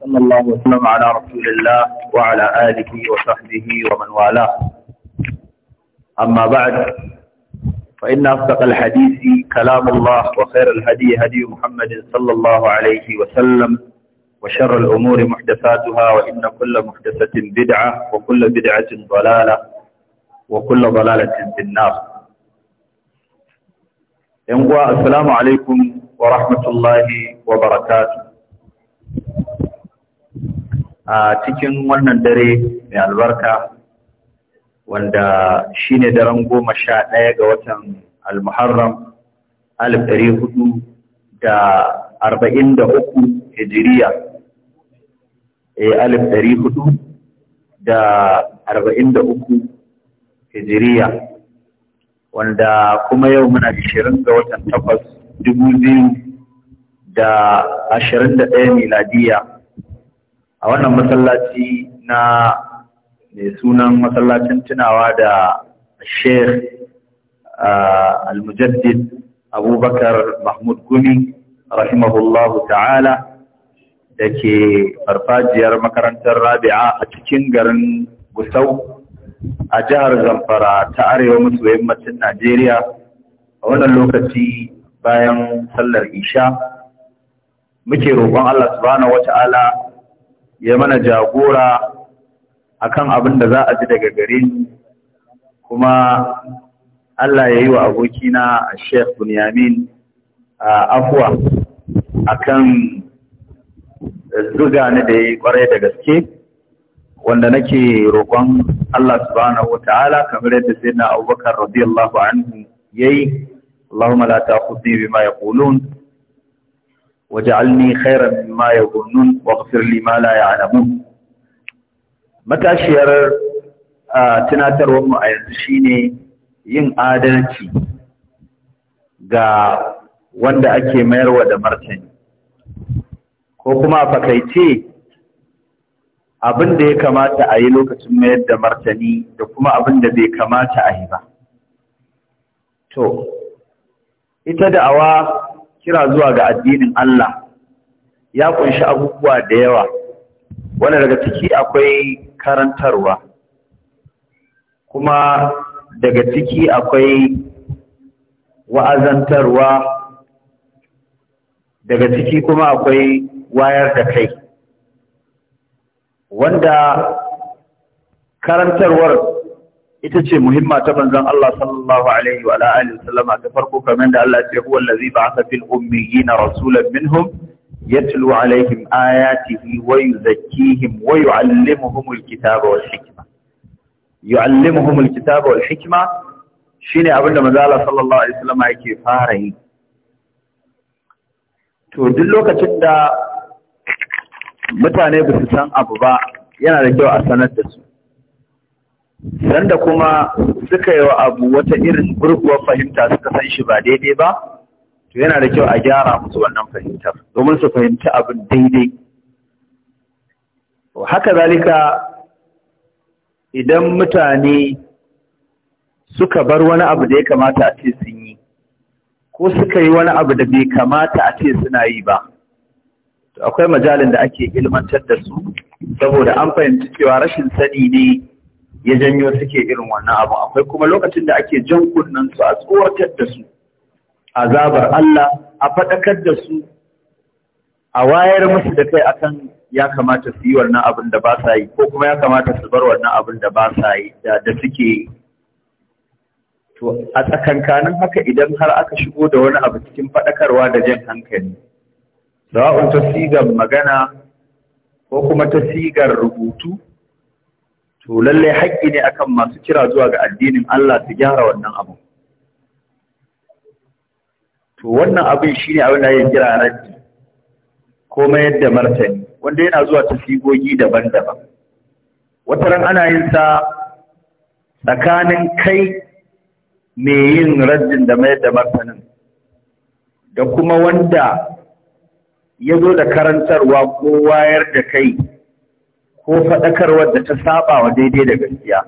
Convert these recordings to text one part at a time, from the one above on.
صلى الله وسلم على رسول الله وعلى آله وصحبه ومن والاه أما بعد فإن أصدق الحديث كلام الله وخير الهدي هدي محمد صلى الله عليه وسلم وشر الأمور محدثاتها وإن كل محدثة بدعة وكل بدعة ضلالة وكل ضلالة في النار السلام عليكم ورحمة الله وبركاته a cikin wannan dare mai albarka wanda shi ne daren goma sha ɗaya ga watan almuharram alif ɗari hudu da arba'in da uku hijiriya e alif ɗari hudu da arba'in da uku hijiriya wanda kuma yau muna ashirin ga watan takwas dubu biyu da ashirin da ɗaya miladiyya a wannan masallaci na mai sunan masallacin tunawa da sheikh al-mujaddid abubakar mahmud gumi rahimahullahu ta'ala da ke farfajiyar makarantar rabi'a a cikin garin gusau a jihar zamfara ta arewa maso yammacin najeriya a wannan lokaci bayan sallar isha muke roƙon allah subhanahu ta'ala. ya mana jagora akan abin da za a ji daga gare kuma Allah ya yi wa abokina a Sheikh Bunyamin afuwa akan zuga ni da ya yi kwarai da gaske wanda nake roƙon Allah subhanahu wa ta'ala kamar yadda sai na abubakar radiyallahu anhu ya yi. Allahumma la ta'khudni bima yaqulun waj'alni khayran mimma yaqulun waghfir li ma la ya'lamun matashiyar tunatarwar mu a yanzu shine yin adalci ga wanda ake mayarwa da martani ko kuma a fakaice abin da ya kamata a yi lokacin mayar da martani da kuma abin da bai kamata a yi ba. To, ita awa. kira zuwa ga addinin Allah ya kunshi abubuwa da yawa wanda daga ciki akwai karantarwa kuma daga ciki akwai wa'azantarwa daga ciki kuma akwai wayar da kai wanda karantarwar ita ce muhimma ta manzon Allah sallallahu alaihi wa alihi wasallama ta farko kamar da Allah ce huwa allazi ba'atha fil ummiyina rasulan minhum yatlu alaihim ayatihi wa yuzakkihim wa yuallimuhumul kitaba wal hikma yuallimuhumul kitaba wal hikma shine abinda manzon Allah sallallahu alaihi wasallama yake fara yi to duk lokacin da mutane ba su san abu ba yana da kyau a sanar da su sanda kuma suka yi wa abu wata irin burguwar fahimta suka san shi ba daidai ba to yana da kyau a gyara musu wannan fahimtar domin su fahimci abin daidai haka zalika idan mutane suka bar wani abu da ya kamata a ce sun yi ko suka yi wani abu da bai kamata a ce suna yi ba akwai majalin da ake ilmantar da su saboda an fahimci cewa rashin sani ne ya janyo suke irin wannan abu akwai kuma lokacin da ake jan kunnen su a tsoratar da su azabar Allah a faɗakar da su a wayar musu da kai akan ya kamata su yi wannan abin da ba sa yi ko kuma ya kamata su bar wannan abin da ba sa yi da suke yi to a tsakankanin haka idan har aka shigo da wani abu cikin faɗakarwa da jan hankali sawa'un ta sigar magana ko kuma ta sigar rubutu to lallai haƙƙi ne akan masu kira zuwa ga addinin Allah su gyara wannan abu to wannan abin shine abin da ya kira raddi ko mayar da martani wanda yana zuwa ta sigogi daban-daban ran ana yin sa tsakanin kai mai yin raddin da mayar da martanin da kuma wanda ya zo da karantarwa ko wayar da kai ko faɗakarwar da ta saba wa daidai da gaskiya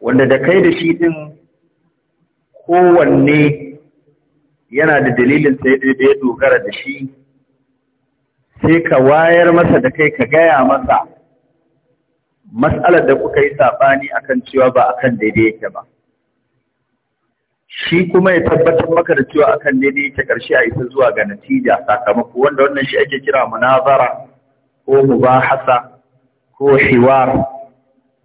wanda da kai da shi ɗin kowanne yana da dalilin sai da ya dogara da shi sai ka wayar masa da kai ka gaya masa matsalar da kuka yi saɓani akan cewa ba akan daidai yake ba shi kuma ya tabbatar maka da cewa akan daidai yake ƙarshe a isa zuwa ga natija sakamako wanda wannan shi ake kira munazara ko mubahasa ko hiwar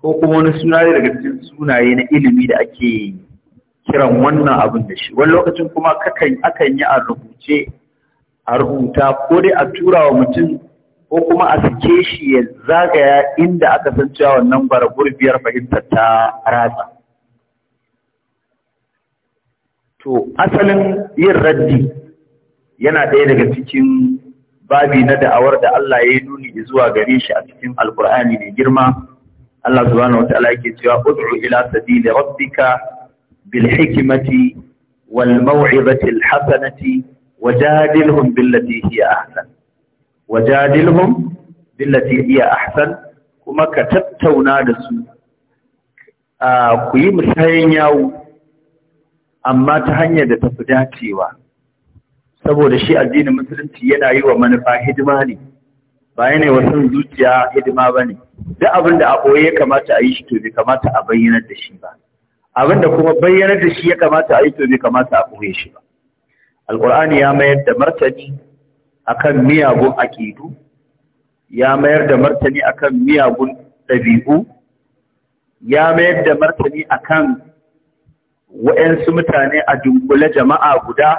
ko kuma wani suna daga cikin sunaye na ilimi da ake kiran wannan abin da shi wani lokacin kuma kakan akan yi a rubuce a rubuta ko dai a tura wa mutum ko kuma a sake shi ya zagaya inda aka san cewa wannan bara gurbiyar fahimtar ta rasa to asalin yin raddi yana ɗaya daga cikin babi na da'awar da Allah ya yi nuni zuwa gare shi a cikin alkur'ani mai girma Allah subhanahu wataala yake cewa ud'u ila sabili rabbika bil hikmati wal maw'izati al hasanati wajadilhum billati hiya ahsan wajadilhum billati hiya ahsan kuma ka tattauna da su ah, ku yi musayen yawo amma ta hanyar da ta fi dacewa saboda shi addinin musulunci yana yi wa manufa hidima ne ba yana wasu zuciya hidima ba ne duk abin da a ɓoye ya kamata a yi shi to bai kamata a bayyanar da shi ba abin da kuma bayyanar da shi ya kamata a yi to bai kamata a ɓoye shi ba alƙur'ani ya mayar da martani akan miyagun aƙidu ya mayar da martani akan miyagun ɗabi'u ya mayar da martani akan wa'yansu mutane a dunkule jama'a guda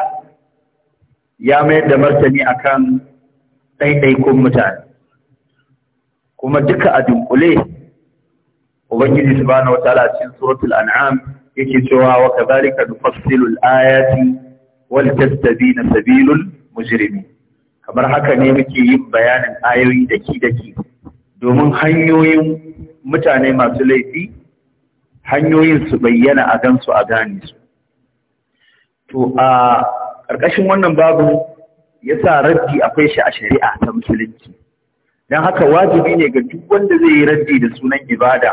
ya mayar da martani a kan ɗaiɗaikun mutane kuma duka a dunkule ubangiji subhanahu wataala wata cikin suratul an'am yake cewa wa zarika da fasilul ayati wal na sabilul mujirimi kamar haka ne muke yin bayanin ayoyi daki daki domin hanyoyin mutane masu laifi hanyoyin su bayyana a gansu a gane su to a ƙarƙashin wannan babu ya sa raddi akwai shi a shari'a ta musulunci don haka wajibi ne ga duk wanda zai yi raddi da sunan ibada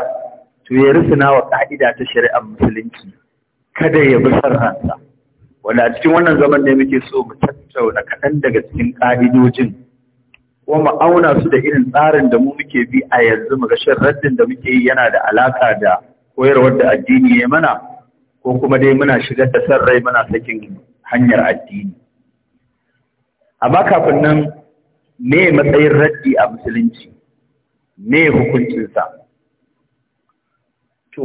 to ya risina wa ƙa'ida ta shari'ar musulunci kada ya bi son ransa wanda a cikin wannan zaman ne muke so mu tattauna kaɗan daga cikin ƙa'idojin kuma mu auna su da irin tsarin da mu muke bi a yanzu mu ga shin raddin da muke yi yana da alaƙa da koyarwar da addini ya mana ko kuma dai muna shigar da san rai muna sakin hanyar addini amma kafin nan me matsayin raddi a musulunci me hukuncinsa to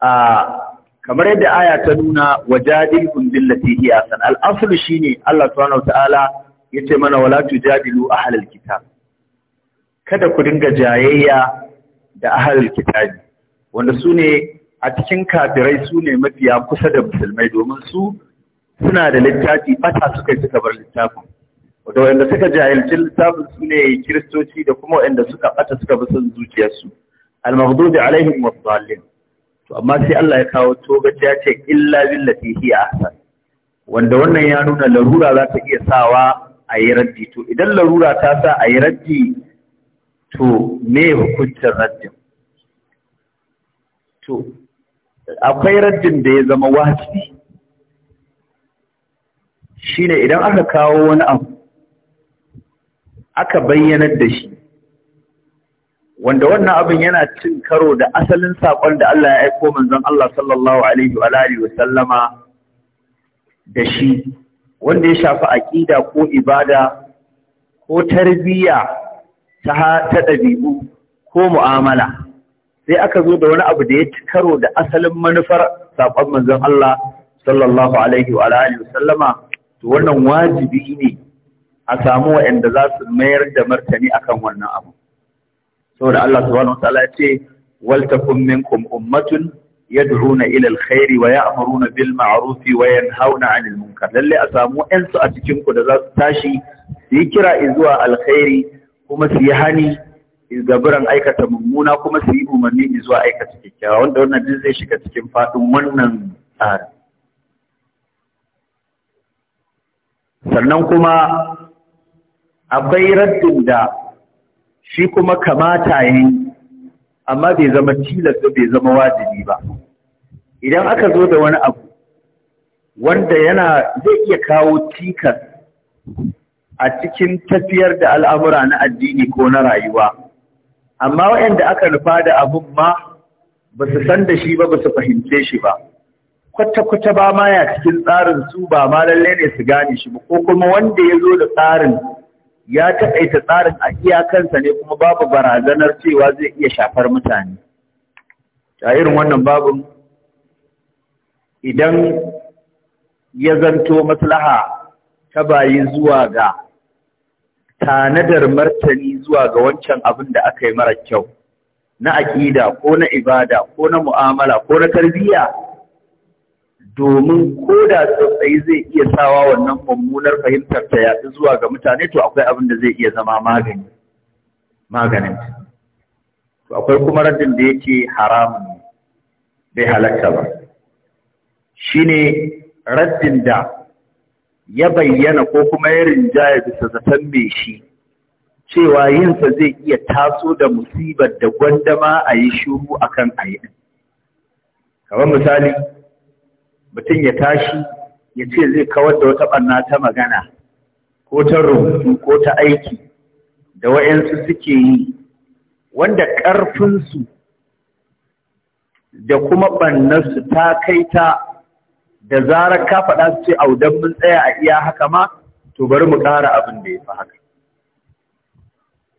a kamar yadda aya ta nuna wajadilhum billati hi asan al shi shine Allah subhanahu ya ce mana wala tujadilu ahlal kitab kada ku dinga jayayya da ahlal kitab wanda sune a cikin kafirai su ne mafiya kusa da musulmai domin su suna da littafi bata suka yi suka bar littafin da wanda suka jahilci littafin su ne kiristoci da kuma wanda suka bata suka bi son zuciyarsu al-maghdubi alaihim wasallim to amma sai Allah ya kawo togaci ya ce illa billati hi ahsan wanda wannan ya nuna larura za ta iya sawa a yi raddi to idan larura ta sa a yi raddi to me hukuncin raddin to akwai raddin da ya zama wajibi shine idan aka kawo wani abu aka bayyanar da shi wanda wannan abin yana cin karo da asalin saƙon da Allah ya aiko manzon Allah sallallahu alaihi wa alihi wa sallama da shi wanda ya shafi aƙida ko ibada ko tarbiyya ta ta ɗabi'u ko mu'amala sai aka zo da wani abu da ya ci karo da asalin manufar saƙon manzon Allah sallallahu alaihi wa alihi wasallama to wannan wajibi ne a samu waɗanda za su mayar da martani akan wannan abu saboda Allah subhanahu wa ta'ala ya ce wal minkum ummatun yad'una ila alkhair wa ya'muruna bil ma'ruf wa yanhauna 'anil munkar lalle a samu ɗan su a cikin ku da za su tashi su yi kira zuwa alkhairi kuma su yi hani gaburan aikata mummuna kuma su yi umarni zuwa aikata kyakkyawa wanda wannan duk zai shiga cikin faɗin wannan tsarin. Sannan kuma bai raddin da shi kuma kamata yi amma bai zama tilas ba bai zama wajibi ba. Idan aka zo da wani abu wanda yana zai iya kawo cikas a cikin tafiyar da al'amura na addini ko na rayuwa. amma waɗanda aka rufa da abun ma ba su san da shi ba ba su fahimce shi ba kwata-kwata ba ma ya cikin tsarin su ba ma lalle ne su gane shi ba ko kuma wanda ya zo da tsarin ya taƙaita tsarin a iyakansa ne kuma babu barazanar cewa zai iya shafar mutane a irin wannan babin idan ya zanto maslaha ta bayi zuwa ga tanadar martani zuwa ga wancan abin da aka yi mara kyau na aƙida ko na ibada ko na mu'amala ko na tarbiyya domin ko da tsautsayi zai iya sawa wannan mummunar fahimtar ta yaɗu zuwa ga mutane to akwai abin da zai iya zama magani maganin to akwai kuma raddin da yake haramun bai halatta ba shine raddin da ya bayyana ko kuma ya rinjaya bisa zaton mai shi cewa yinsa zai iya taso da musibar da gwandama a yi shuru a kan a yi misali mutum ya tashi ya ce zai kawar da wata ɓanna ta magana ko ta rubutu ko ta aiki da wa'yansu suke yi wanda ƙarfinsu da kuma ɓannarsu ta kai ta da zarar ka faɗa su ce audan mun tsaya a iya haka ma to bari mu ƙara abin da ya fi haka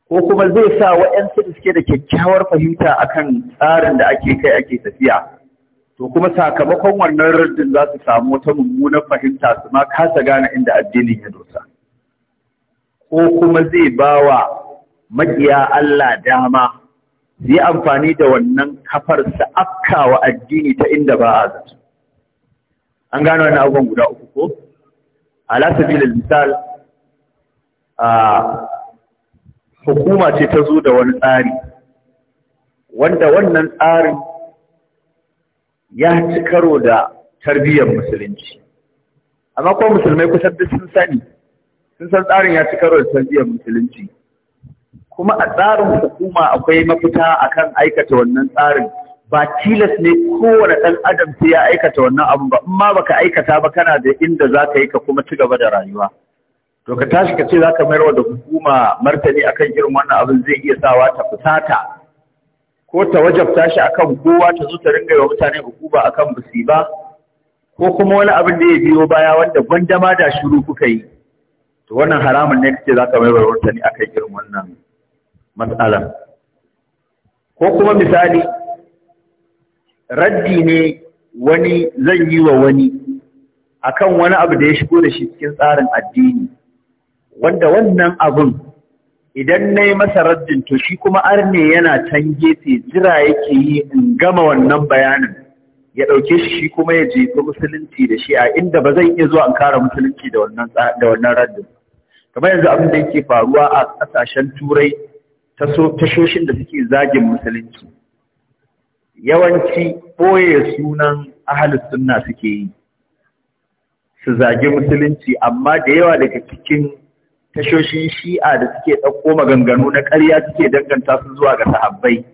ko kuma zai sa waɗansu da suke da kyakkyawar fahimta akan tsarin da ake kai ake tafiya to kuma sakamakon wannan rajin za su samu wata mummunar fahimta su ma kasa gane inda addinin ya dosa ko kuma zai ba wa maƙiya Allah dama su yi amfani da wannan kafar su wa addini ta inda ba a zato an gano wani abubuwan guda uku ko ala sabilil misal a hukuma ce ta zo da wani tsari wanda wannan tsarin ya ci karo da tarbiyyar musulunci amma kuma musulmai kusan duk sun sani sun san tsarin ya ci karo da tarbiyyar musulunci kuma a tsarin hukuma akwai mafita akan aikata wannan tsarin ba tilas ne kowane ɗan adam sai ya aikata wannan abu ba amma ma baka aikata ba kana da inda za ka yi ka kuma ci gaba da rayuwa to ka tashi ka ce za ka mayarwa da hukuma martani akan irin wannan abin zai iya sawa ta fusata ko ta wajabta shi akan kowa ta zo ta ringa yi wa mutane hukuma akan musiba ko kuma wani abin da ya biyo baya wanda gwandama da shiru kuka yi to wannan haramun ne kace za ka mayarwa da martani akan irin wannan matsalar ko kuma misali raddi ne wani zan yi wa wani akan wani abu da ya shigo da shi cikin tsarin addini wanda wannan abun idan na yi masa raddin to shi kuma arne yana can gefe jira yake yi in gama wannan bayanin ya ɗauke shi shi kuma ya jefi musulunci da shi a inda ba zan iya zuwa in kara musulunci da wannan da raddin kamar yanzu abin da yake faruwa a ƙasashen turai tashoshin da suke zagin musulunci yawanci ɓoye sunan ahalus sunna suke yi su zagi musulunci amma da yawa daga cikin tashoshin shi'a da suke ɗauko maganganu na ƙarya suke danganta su zuwa ga sahabbai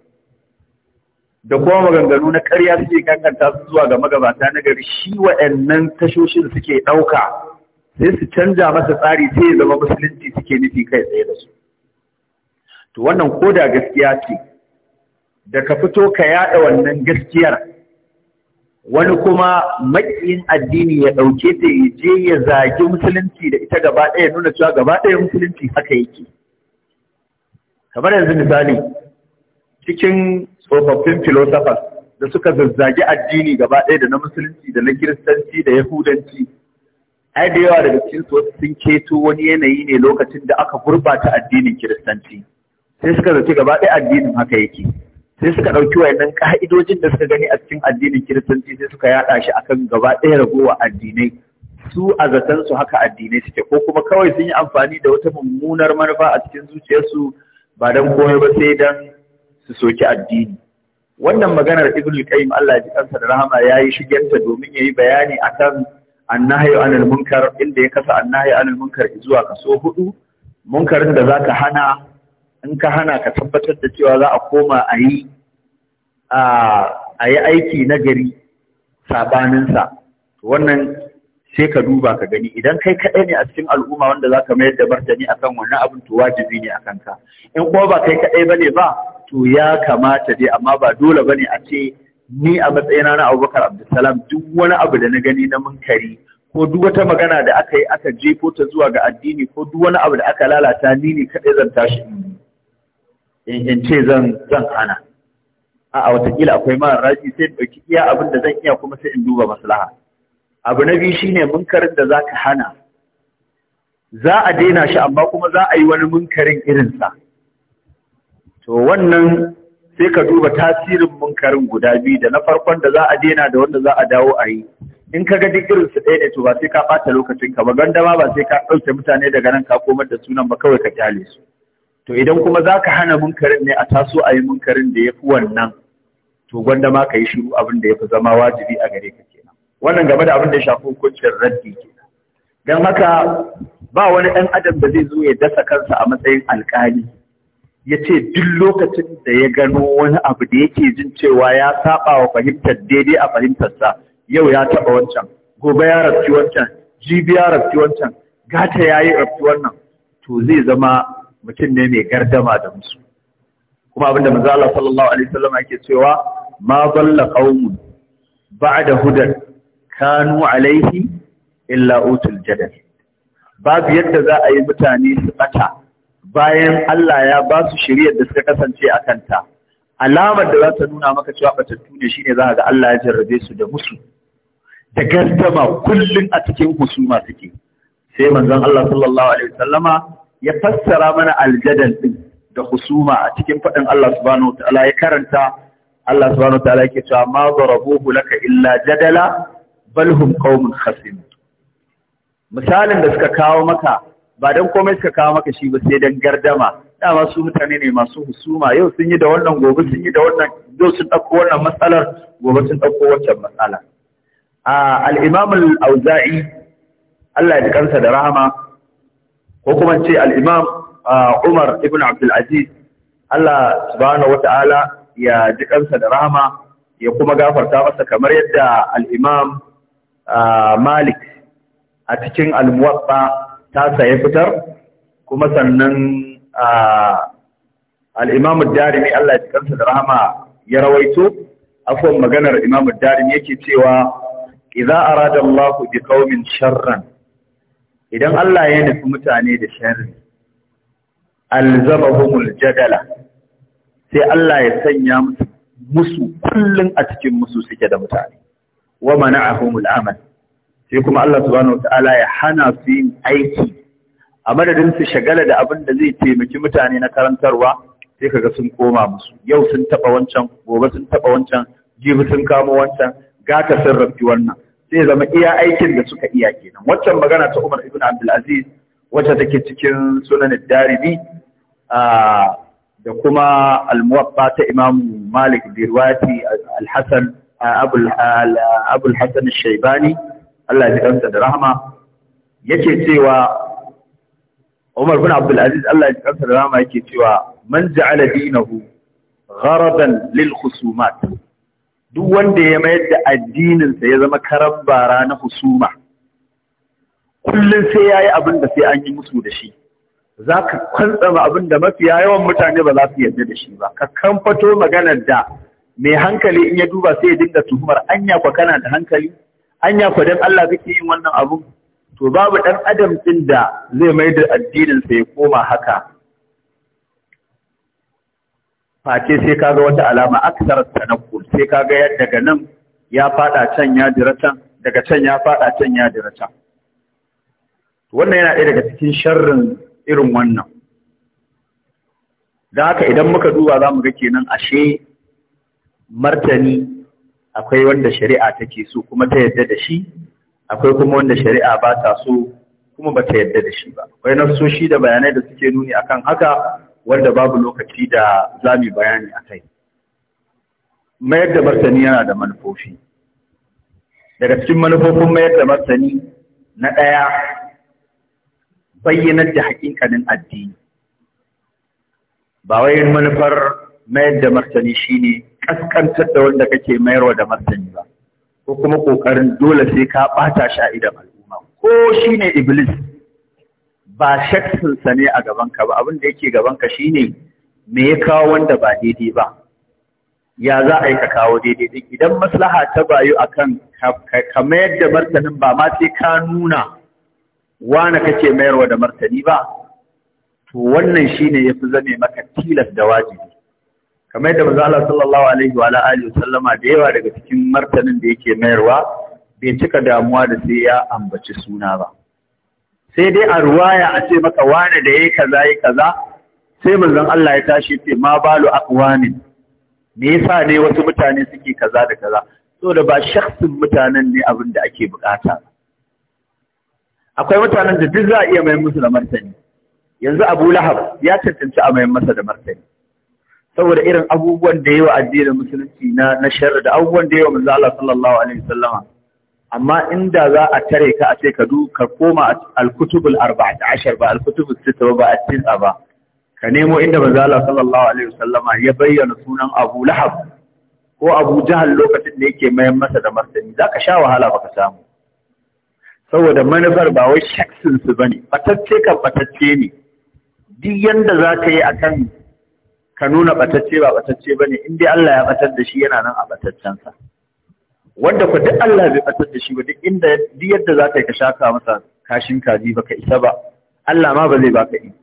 da kuma maganganu na ƙarya suke danganta su zuwa ga magabata na gari shi waɗannan tashoshin suke ɗauka sai su canja masa tsari sai zama musulunci suke nufi kai tsaye da su to wannan ko da gaskiya ce da ka fito ka yaɗa wannan gaskiyar wani kuma maƙiyin addini ya ɗauke ta ya je ya zagi musulunci da ita gaba ɗaya nuna cewa gaba ɗaya musulunci haka yake kamar yanzu misali cikin tsofaffin filosofas da suka zazzagi addini gaba ɗaya da na musulunci da na kiristanci da yahudanci ai da yawa daga cikin su sun keto wani yanayi ne lokacin da aka gurɓata addinin kiristanci sai suka zaci gaba ɗaya addinin haka yake sai suka ɗauki wayannan ƙa'idojin da suka gani a cikin addinin kiristanci sai suka yaɗa shi akan gaba ɗaya ragowa addinai su a zaton haka addinai suke ko kuma kawai sun yi amfani da wata mummunar manufa a cikin zuciyarsu ba don komai ba sai don su soki addini wannan maganar ibn qayyim Allah ya kansa da rahama yayi shigenta domin yayi bayani akan annahyu anil munkar inda ya kasa annahyu anil munkar zuwa kaso huɗu, munkarin da za ka hana in ka hana ka tabbatar da cewa za a koma a yi a yi aiki na gari sabaninsa wannan sai ka duba ka gani idan kai kaɗai ne a cikin al'umma wanda za ka mayar da martani akan wannan abin to wajibi ne a ka? in kuma ba kai kaɗai ba ne ba to ya kamata dai amma ba dole ba ne a ce ni a matsayina na abubakar abdulsalam duk wani abu da na gani na munkari ko duk wata magana da aka yi aka jefo ta zuwa ga addini ko duk wani abu da aka lalata ni ne kaɗai zan tashi in ce zan zan hana a'a watakila akwai mara raji sai ɗauki iya abin da zan iya kuma sai in duba maslaha abu na biyu shine munkarin da zaka hana za a daina shi amma kuma za a yi wani munkarin irinsa to wannan sai ka duba tasirin munkarin guda biyu da na farkon da za a daina da wanda za a dawo a yi in ka ga duk irinsu ɗaya ne to ba sai ka ɓata lokacin ka ba gandama ba sai ka ɗauke mutane daga nan ka komar da sunan ba kawai ka kyale su to idan kuma za ka hana munkarin ne a taso a yi munkarin da ya fi wannan to gwanda ma ka yi shiru abin da ya fi zama wajibi a gare ka kenan wannan game da abin da ya shafi hukuncin raddi kenan don haka ba wani ɗan adam da zai zo ya dasa kansa a matsayin alƙali ya ce duk lokacin da ya gano wani abu da yake jin cewa ya saba wa fahimtar daidai a fahimtarsa yau ya taɓa wancan gobe ya rafci wancan jibi ya rafci wancan gata ya yi rafci wannan to zai zama mutum ne mai gardama da musu kuma abinda manzo Allah sallallahu alaihi wasallam yake cewa ma dalla qaumun ba'da hudan kanu alaihi illa utul jadal babu yadda za a yi mutane su bata bayan Allah ya ba su shiriyar da suka kasance a kanta alamar da za ta nuna maka cewa batattu ne shine za ga Allah ya jarrabe su da musu da gardama kullum a cikin husuma suke sai manzon Allah sallallahu alaihi wasallama ya fassara mana aljadal din da husuma a cikin faɗin Allah subhanahu wa ta'ala ya karanta Allah subhanahu wa ta'ala yake cewa ma darabuhu laka illa jadala bal hum qaumun khasim misalin da suka kawo maka ba dan komai suka kawo maka shi ba sai dan gardama dama su mutane ne masu husuma yau sun yi da wannan gobe sun yi da wannan yau sun dauko wannan matsalar gobe sun dauko wancan matsala a ah, al-imam al-auza'i Allah ya ji kansa da rahama ko kuma ce Umar ibn Abdulaziz, Aziz Allah subhanahu ta'ala, ya ji kansa da rahama ya kuma gafarta masa kamar yadda al Malik a cikin al ta saye fitar kuma sannan al-imam Darimi Allah ya ji kansa da rahama ya rawaito afwan maganar imam Darimi yake cewa Iza arada Allah bi qaumin sharran idan Allah ya nufi mutane da sharri alzabahumul jadala sai Allah ya sanya musu musu kullum a cikin musu suke da mutane wa mana'ahumul amal sai kuma Allah subhanahu wataala ya hana su yin aiki a madadin su shagala da abin da zai taimaki mutane na karantarwa sai kaga sun koma musu yau sun taba wancan gobe sun taba wancan jibi sun kamo wancan gata sun rafi wannan sai zama iya aikin da suka iya kenan waccan magana ta Umar ibn Abdul Aziz wacce take cikin sunan Darimi da kuma al-Muwatta ta Imam Malik bi riwayati al-Hasan Abu al-Hasan al-Shaybani Allah ya kansa da rahama yake cewa Umar ibn Abdul Aziz Allah ya kansa da rahama yake cewa man ja'ala dinahu gharadan lil khusumat duk wanda ya mayar da addininsa ya zama karan bara na husuma kullum sai ya yi abin da sai an yi musu da shi za ka kwantsama abin da mafiya yawan mutane ba za su yarda da shi ba ka kamfato maganar da mai hankali in ya duba sai ya dinga tuhumar anya kwa kana da hankali anya kwa dan Allah kake yin wannan abun to babu dan adam din da zai mai da addinin sa ya koma haka ce sai kaga wata alama aksar tanakku sai ka ga daga nan ya fada can ya jira can daga can ya fada can ya jira can wannan yana ɗaya daga cikin sharrin irin wannan da haka idan muka duba za mu ga kenan ashe martani akwai wanda shari'a take so kuma ta yadda da shi akwai kuma wanda shari'a ba ta so kuma ba ta yadda da shi ba akwai nafsoshi da bayanai da suke nuni akan haka wanda babu lokaci da za mu bayani a kai mayar da martani yana da manufofi daga cikin manufofin mayar da martani na ɗaya bayyanar da haƙiƙanin addini ba wai manufar mayar da martani shine kaskantar da wanda kake mayarwa da martani ba ko kuma ƙoƙarin dole sai ka ɓata sha al'umma ko shine iblis ba shakkinsa ne a gabanka ba abin da yake gabanka shine me ya kawo wanda ba daidai ba ya za a yi ka kawo daidai dai idan maslaha ta bayu akan kan mayar yadda martanin ba ma sai ka nuna wane kake mayarwa da martani ba to wannan shine fi zane maka tilas da wajibi kamar yadda manzo Allah sallallahu alaihi wa alihi sallama da yawa daga cikin martanin da yake mayarwa bai cika damuwa da sai ya ambaci suna ba sai dai a ruwaya a ce maka wane da yayi kaza yayi kaza sai manzon Allah ya tashi ce ma balu aqwamin me yasa ne wasu mutane suke kaza da kaza saboda ba shakhsin mutanen ne abin da ake bukata akwai mutanen da duk za a iya mai musu da martani yanzu Abu Lahab ya cancanci a mai masa da martani saboda irin abubuwan da yawa addinin musulunci na na sharri da abubuwan da yawa manzo Allah sallallahu alaihi wasallama amma inda za a tare ka a ce ka du ka koma al-kutubul arba'at ashar ba al-kutubus sita ba at-tis'a ba ka nemo inda manzo Allah sallallahu alaihi wasallama ya bayyana sunan Abu Lahab ko Abu jihar lokacin da yake mayan masa da martani zaka sha wahala baka samu saboda manufar ba wai shaksin su bane batacce kan batacce ne duk yanda zaka yi akan ka nuna batacce ba batacce bane in dai Allah ya batar da shi yana nan a bataccen sa wanda ku duk Allah bai batar da shi ba duk inda duk yadda zaka yi ka shaka masa kashin kaji baka isa ba Allah ma ba zai baka iko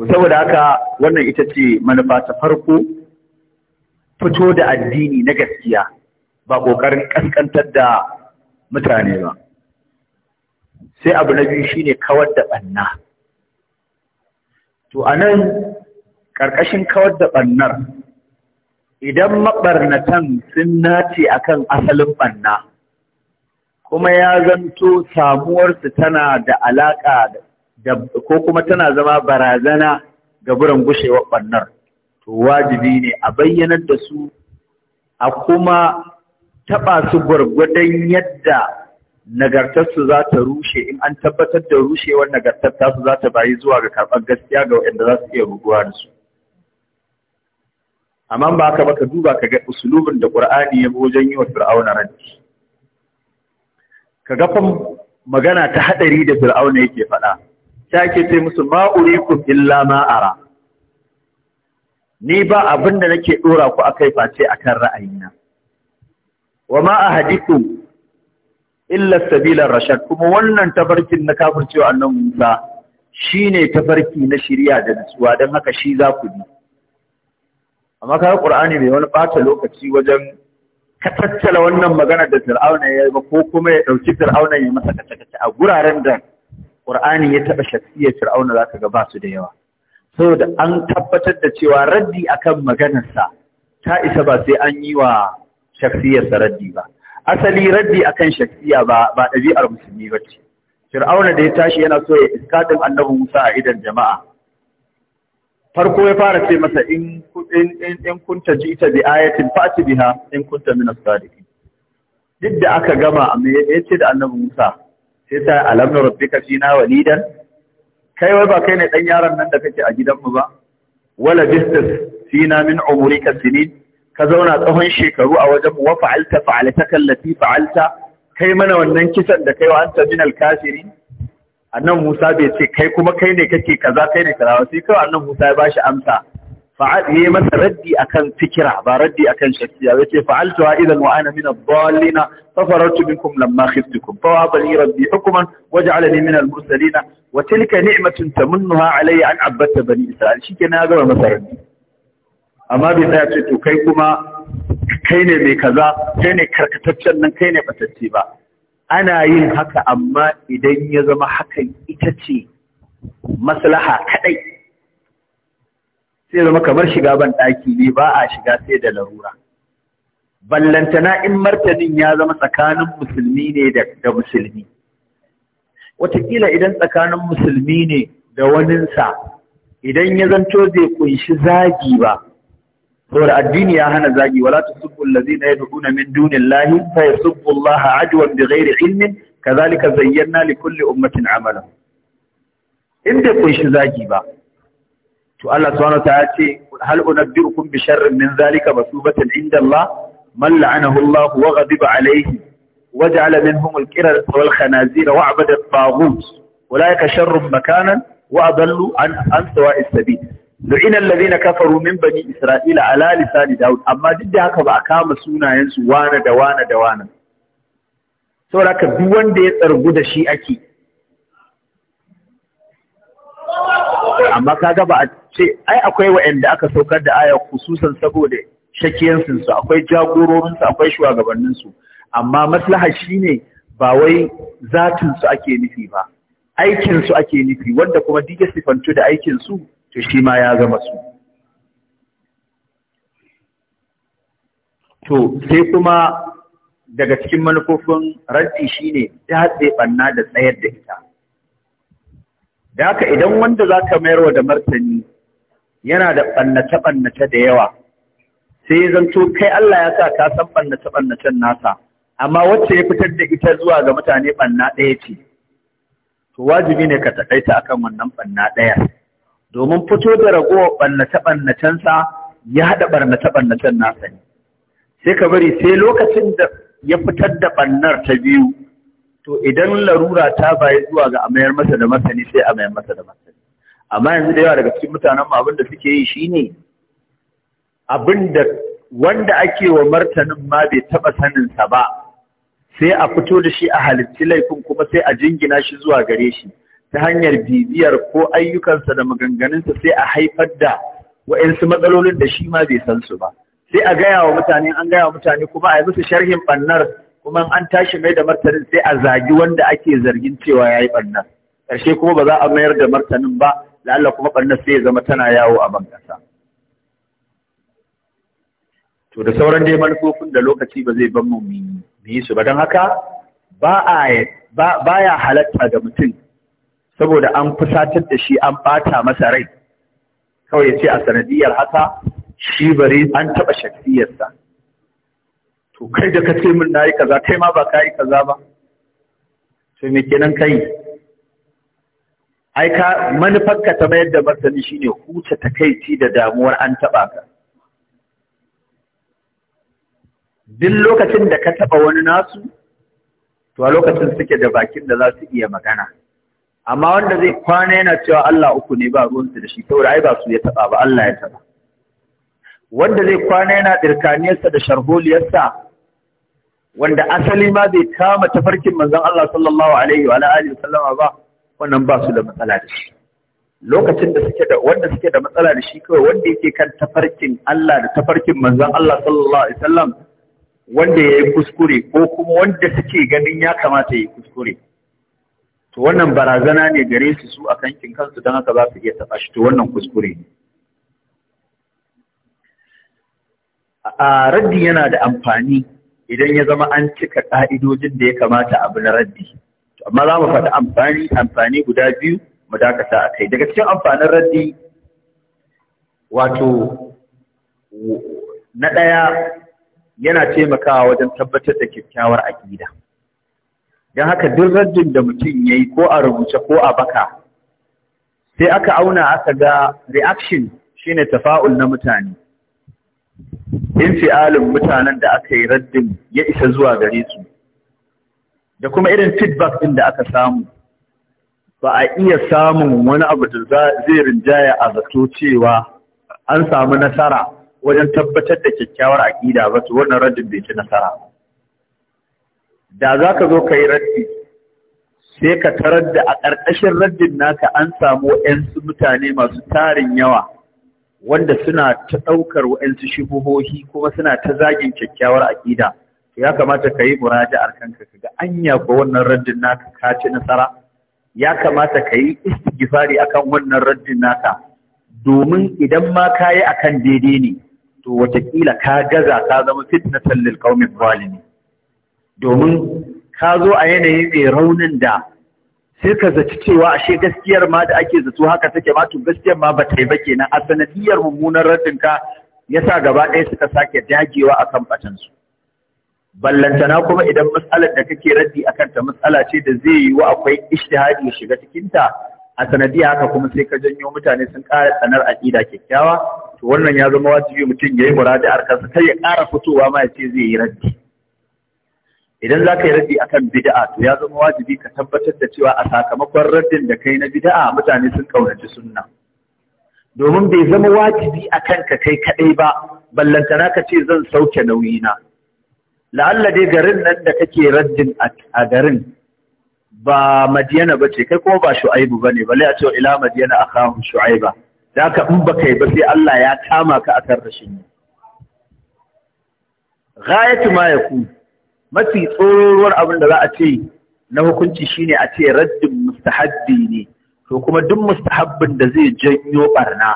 to saboda haka wannan ita ce manufa ta farko fito da addini na gaskiya ba ƙoƙarin ƙasƙantar da mutane ba sai abu na biyu shine kawar da ɓanna to a nan ƙarƙashin kawar da ɓannar idan maɓarnatan sun nace akan asalin ɓanna kuma ya zanto samuwarsu tana da alaƙa da ko kuma tana zama barazana ga buran gushewar ɓannar to wajibi ne a bayyanar da su a kuma taɓa su gwargwadon yadda nagartarsu za ta rushe in an tabbatar da rushewar nagartar tasu za ta bayi zuwa ga karɓar gaskiya ga waɗanda za su iya ruguwa da su amma ba ka ba duba ka ga usulubin da ƙur'ani ya wajen yi wa fir'auna ranci ka ga magana ta haɗari da fir'auna yake faɗa sai ake ce musu ma illa ma ara ni ba abin da nake dora ku akai face akan ra'ayina wa ma ahadithu illa sabila rashad kuma wannan tafarkin na kafircewa annabi Musa shine tafarki na shirya da nutsuwa dan haka shi za ku bi amma kai Qur'ani bai wani bata lokaci wajen katattala wannan magana da Fir'auna ya yi ba ko kuma ya ɗauki Fir'auna ya masa kace-kace a guraren da Qur'ani ya taɓa shakhsiyar Fir'auna zaka ga ba su da yawa saboda an tabbatar da cewa raddi akan maganarsa ta isa ba sai an yi wa shakhsiyarsa raddi ba asali raddi akan shakhsiya ba ba ɗabi'ar musulmi ce. Fir'auna da ya tashi yana so ya ɗin annabi Musa a idan jama'a farko ya fara ce masa in in kunta ta bi ayatin fa'ti biha in kunta min as-sadiqin duk da aka gama amma ya da annabi Musa sai ta alam na rabbika fina walidan kai wai ba kai ne dan yaron nan da kake a gidanmu ba wala bistas na min umrika sinin ka zauna tsawon shekaru a wajen wa fa'alta fa'alta kallafi fa'alta kai mana wannan kisan da kai wa anta min al annan Musa bai ce kai kuma kai ne kake kaza kai ne kaza sai kai annan Musa ya bashi amsa yi masa raddi akan fikira ba raddi akan shakiya yace wa idan wa ana min ad-dallin fa farartu minkum lamma khiftukum fa wabali rabbi hukman waj'alani min al-mursalin wa tilka ni'matun tamunnuha alayya an abadta bani isra'il shikenan na gama masa raddi amma bai tsaya ce to kai kuma kai ne mai kaza kai ne karkataccen nan kai ne batacce ba ana yin haka amma idan ya zama hakan ita ce maslaha kadai sai zama kamar shiga ban ɗaki ne ba a shiga sai da larura ballantana in martanin ya zama tsakanin musulmi ne da musulmi wataƙila idan tsakanin musulmi ne da waninsa idan ya zanto zai kunshi zagi ba saboda addini ya hana zagi wala na yadda yad'una min dunillahi fa yasubbu allaha adwan bighairi ilmin kazalika zayyana likulli ummatin amalan in bai kunshi zagi ba to Allah subhanahu wa ta'ala ce hal unabbiukum bi sharrin min zalika masubatan inda Allah man la'anahu Allah wa ghadiba alayhi wa ja'ala minhum al-qirada wal khanazira wa 'abada at-taghut ulaika sharrun makanan wa adallu an an sawa'is sabil لعن الذين كفروا a بني إسرائيل على kama داود أما جد da بأكام da ينسو وانا دوانا دوانا سوى لك دوان دي تربود شيء أكي أما كاقا بأت ce ai akwai waɗanda aka saukar da aya kususan saboda shakiyansu akwai jagororinsu akwai shugabanninsu amma maslaha shine ba wai zatin su ake nufi ba aikinsu su ake nufi wanda kuma duk sifantu da aikin su to shi ma ya zama su to sai kuma daga cikin manufofin ranti shine hatse banna da tsayar da ita da haka idan wanda zaka mayarwa da martani yana da ɓannace-ɓannace da yawa sai zanto kai Allah ya sa ka san ɓannace-ɓannacen nasa amma wacce ya fitar da ita zuwa ga mutane ɓanna ɗaya ce to wajibi ne ka taƙaita akan wannan ɓanna ɗaya domin fito da ragowar ɓannace-ɓannacensa ya haɗa ɓannace-ɓannacen nasa ne sai ka bari sai lokacin da ya fitar da ɓannar ta biyu to idan larura ta bayi zuwa ga a mayar masa da masani sai a mayar masa da masani amma yanzu da yawa daga cikin mutanen mu abin da suke yi shine ne. wanda ake wa martanin ma bai taba sanin sa ba sai a fito da shi a halitti laifin kuma sai a jingina shi zuwa gare shi ta hanyar bibiyar ko ayyukansa da maganganunsa sai a haifar da wa'insu matsalolin da shi ma bai san su ba sai a gaya wa mutane an gaya wa mutane kuma a yi musu sharhin bannar kuma an tashi mai da martanin sai a zagi wanda ake zargin cewa ya yi bannar ƙarshe kuma ba za a mayar da martanin ba la'alla kuma ɓarnar sai ya zama tana yawo a ban ƙasa. To da sauran dai manufofin da lokaci ba zai ban mu mu yi su ba don haka ba ya halatta ga mutum saboda an fusatar da shi an ɓata masa rai kawai ya ce a sanadiyar haka shi bari an taɓa shafiyarsa. To kai da ka ce min na yi kaza kai ma ba ka yi kaza ba. To me kenan kai ai ka manufarka ta mayar da martani shine huce takaici da damuwar an taɓa ka duk lokacin da ka taɓa wani nasu to a lokacin suke da bakin da za su iya magana amma wanda zai kwana yana cewa Allah uku ne ba ruwansu da shi saboda ai ba su ya taba ba Allah ya taɓa wanda zai kwana yana dirkaniyarsa da sharholiyarsa wanda asali ma bai kama tafarkin manzon Allah sallallahu alaihi wa alihi wasallama ba wannan ba su da matsala da shi lokacin da suke da wanda suke da matsala da shi kawai wanda yake kan tafarkin Allah da tafarkin manzon Allah sallallahu alaihi wasallam wanda yayi kuskure ko kuma wanda suke ganin ya kamata yayi kuskure to wannan barazana ne gare su su akan kin kansu don haka za su iya taba shi to wannan kuskure ne a raddi yana da amfani idan ya zama an cika ka'idojin da ya kamata abu na raddi amma za mu faɗi amfani amfani guda biyu mu dakata a kai daga cikin amfanin raddi wato na ɗaya yana taimakawa wajen tabbatar da kyakkyawar aƙida don haka duk raddin da mutum ya yi ko a rubuce ko a baka sai aka auna aka ga reaction shine tafa'ul na mutane infialin mutanen da aka yi raddin ya isa zuwa gare su da kuma irin feedback ɗin da aka samu ba a iya samun wani abu da zai rinjaya a zato cewa an samu nasara wajen tabbatar da kyakkyawar aƙida ba to wannan raddin bai ci nasara da za ka zo ka yi raddi sai ka tarar da a ƙarƙashin raddin naka an samu wa'yansu mutane masu tarin yawa wanda suna ta ɗaukar waɗansu shubuhohi kuma suna ta zagin kyakkyawar aƙida ya kamata ka yi a kanka ka ga anya ko wannan raddin naka ka ci nasara ya kamata ka yi istighfari akan wannan raddin naka domin idan ma ka yi akan daidai ne to watakila ka gaza ka zama fitnatan lil qaumi zalimi domin ka zo a yanayi mai raunin da sai ka zaci cewa ashe gaskiyar ma da ake zato haka take ma to gaskiyar ma ba ta yi ba kenan a sanadiyar mummunan raddin ka yasa gaba ɗaya suka sake dagewa akan batansu ballantana kuma idan matsalar da kake raddi a kanta matsala ce da zai yi wa akwai ishtihadi ya shiga cikinta a sanadiya haka kuma sai ka janyo mutane sun ƙara tsanar aƙida kyakkyawa to wannan ya zama wajibi mutum ya yi muradi a kansa kai ya ƙara fitowa ma ya ce zai yi raddi idan za ka yi raddi akan bida'a, to ya zama wajibi ka tabbatar da cewa a sakamakon raddin da kai na bida'a mutane sun ƙaunaci sunna domin bai zama wajibi akan ka kai kaɗai ba ballantana ka ce zan sauke nauyina la'alla dai garin nan da kake raddin a garin ba madiyana ba ce kai kuma ba shu'aibu ba ne bale a ce ila madiyana a kawun shu'aiba da ka in ba kai ba sai Allah ya kama ka akan rashin yi Gayatu ma yaku mafi tsororuwar abin da za a ce na hukunci shine a ce raddin mustahabbi ne to kuma duk mustahabbin da zai janyo barna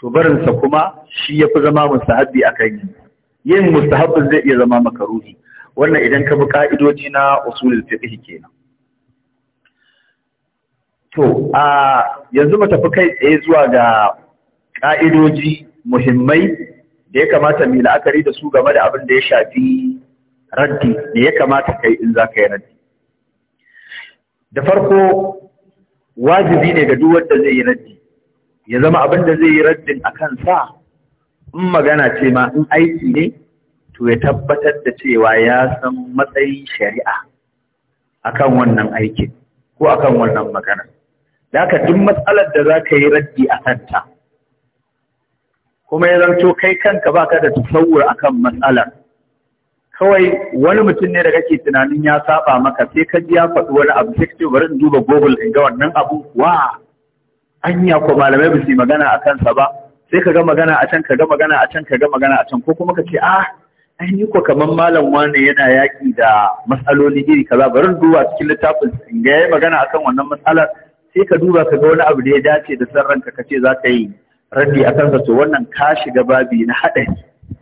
to barinsa kuma shi yafi zama mustahabbi akan yi yin mustahabbin zai iya zama makaruhi wannan idan ka bi ka'idoji na usulul fiqh kenan to a yanzu mu tafi kai tsaye zuwa ga ka'idoji muhimmai da ya kamata mu la'akari da su game da abin da ya shafi raddi da ya kamata kai in za yi raddi da farko wajibi ne ga duk wanda zai yi raddi ya zama abin da zai yi raddin a sa? in magana ce ma in aiki ne to ya tabbatar da cewa ya san matsayin shari'a akan wannan aikin ko akan wannan magana da ka duk matsalar da za ka yi raddi a kanta kuma ya zanto kai kanka ba baka da tasawur akan matsalar kawai wani mutum ne da kake tunanin ya saba maka sai ka ji ya faɗi wani abu sai ce bari in duba google in ga wannan abu wa anya ko malamai ba su yi magana a kansa ba sai ka ga magana a can ka ga magana a can ka ga magana a can ko kuma ka ce a, ah, ai ni ko kaman malam wani yana yaki da matsaloli iri kaza bari duba cikin littafin in ga yayi magana akan wannan matsalar sai ka duba ka ga wani abu da ya dace da san ranka ka ce za ka yi raddi a kansa to wannan ka shiga babi na haɗari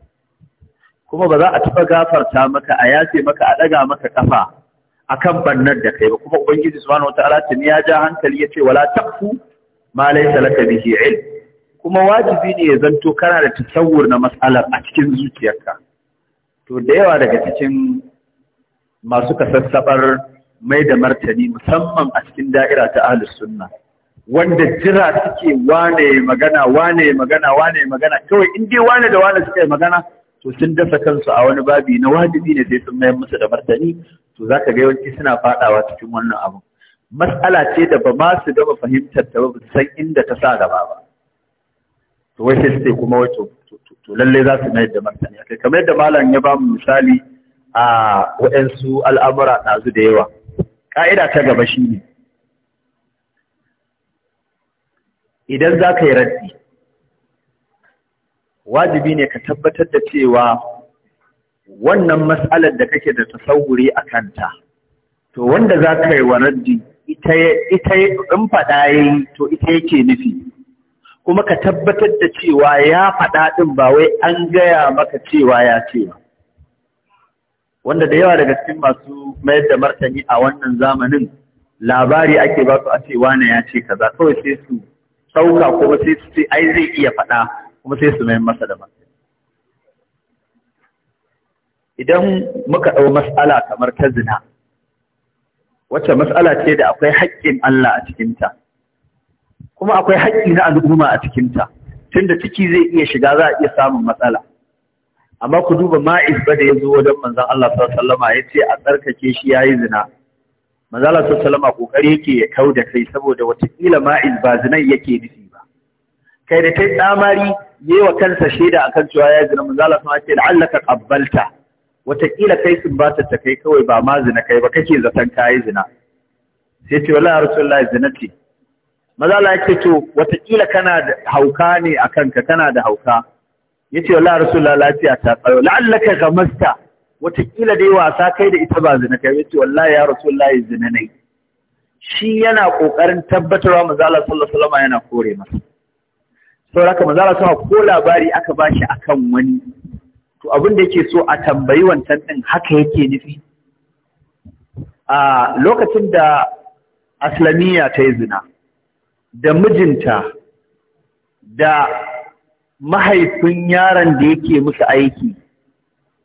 kuma ba za a taɓa gafarta maka a yace maka a ɗaga maka kafa akan bannar da kai ba kuma ubangiji subhanahu wataala tun ya ja hankali ya ce wala taqfu ma laysa laka bihi ilm kuma wajibi ne ya zanto kana da tasawur na matsalar a cikin zuciyarka to da yawa daga cikin masu kasassabar mai da martani musamman a cikin da'ira ta ahlus sunna wanda jira suke wane magana wane magana wane magana kawai in dai wane da wane suke magana to sun dasa kansu a wani babi na wajibi ne sai sun mayar musu da martani to zaka ga yawanci suna fadawa cikin wannan abu matsala ce da ba ma su gama fahimtar ta ba san inda ta sa gaba ba to wai sai sai kuma wai to lalle za su mai da martani kai kamar yadda malam ya ba mu misali a waɗansu al'amura ɗazu da yawa Ka'ida ta gaba shi ne idan za ka yi raddi wajibi ne ka tabbatar da cewa wannan matsalar da kake da tasawuri a kanta to wanda za ka yi wa raddi ita in faɗa yi to ita yake nufi kuma ka tabbatar da cewa ya faɗa ɗin ba wai an gaya maka cewa ya ce ba wanda da yawa daga cikin masu mayar da martani a wannan zamanin labari ake ba su a ce wane ya ce kaza kawai sai su sauka kuma sai su ce ai zai iya faɗa kuma sai su mayar masa da martani idan muka ɗau mas'ala kamar ta zina wacce mas'ala ce da akwai haƙƙin Allah a cikinta kuma akwai haƙƙi na al'umma a cikinta tunda ciki zai iya shiga za a iya samun matsala amma ku duba ma'iz ba da ya zo wajen manzon Allah sallallahu alaihi ya ce a tsarkake shi yayi zina manzon Allah sallallahu alaihi kokari yake ya kau da kai saboda kila ma'iz ba zinan yake nufi ba kai da kai tsamari yewa wa kansa shaida akan cewa yayi zina manzon Allah sallallahu alaihi ya ce la'allaka qabbalta watakila kai sun ba ta kai kawai ba ma zina kai ba kake zaton kai zina sai ce wallahi rasulullahi zinati maza Allah yake to watakila kana da hauka ne a kanka kana da hauka yace wallahi rasulullah lafiya ta tsaro la'allaka gamasta watakila dai wasa kai da ita ba zina kai yace wallahi ya rasulullah zina ne shi yana kokarin tabbatarwa maza Allah sallallahu alaihi wasallam yana kore masa raka maza Allah sa ko labari aka bashi akan wani to abin da yake so a tambayi wancan din haka yake nufi a lokacin da aslamiyya ta yi zina da mijinta da mahaifin yaron da yake musu aiki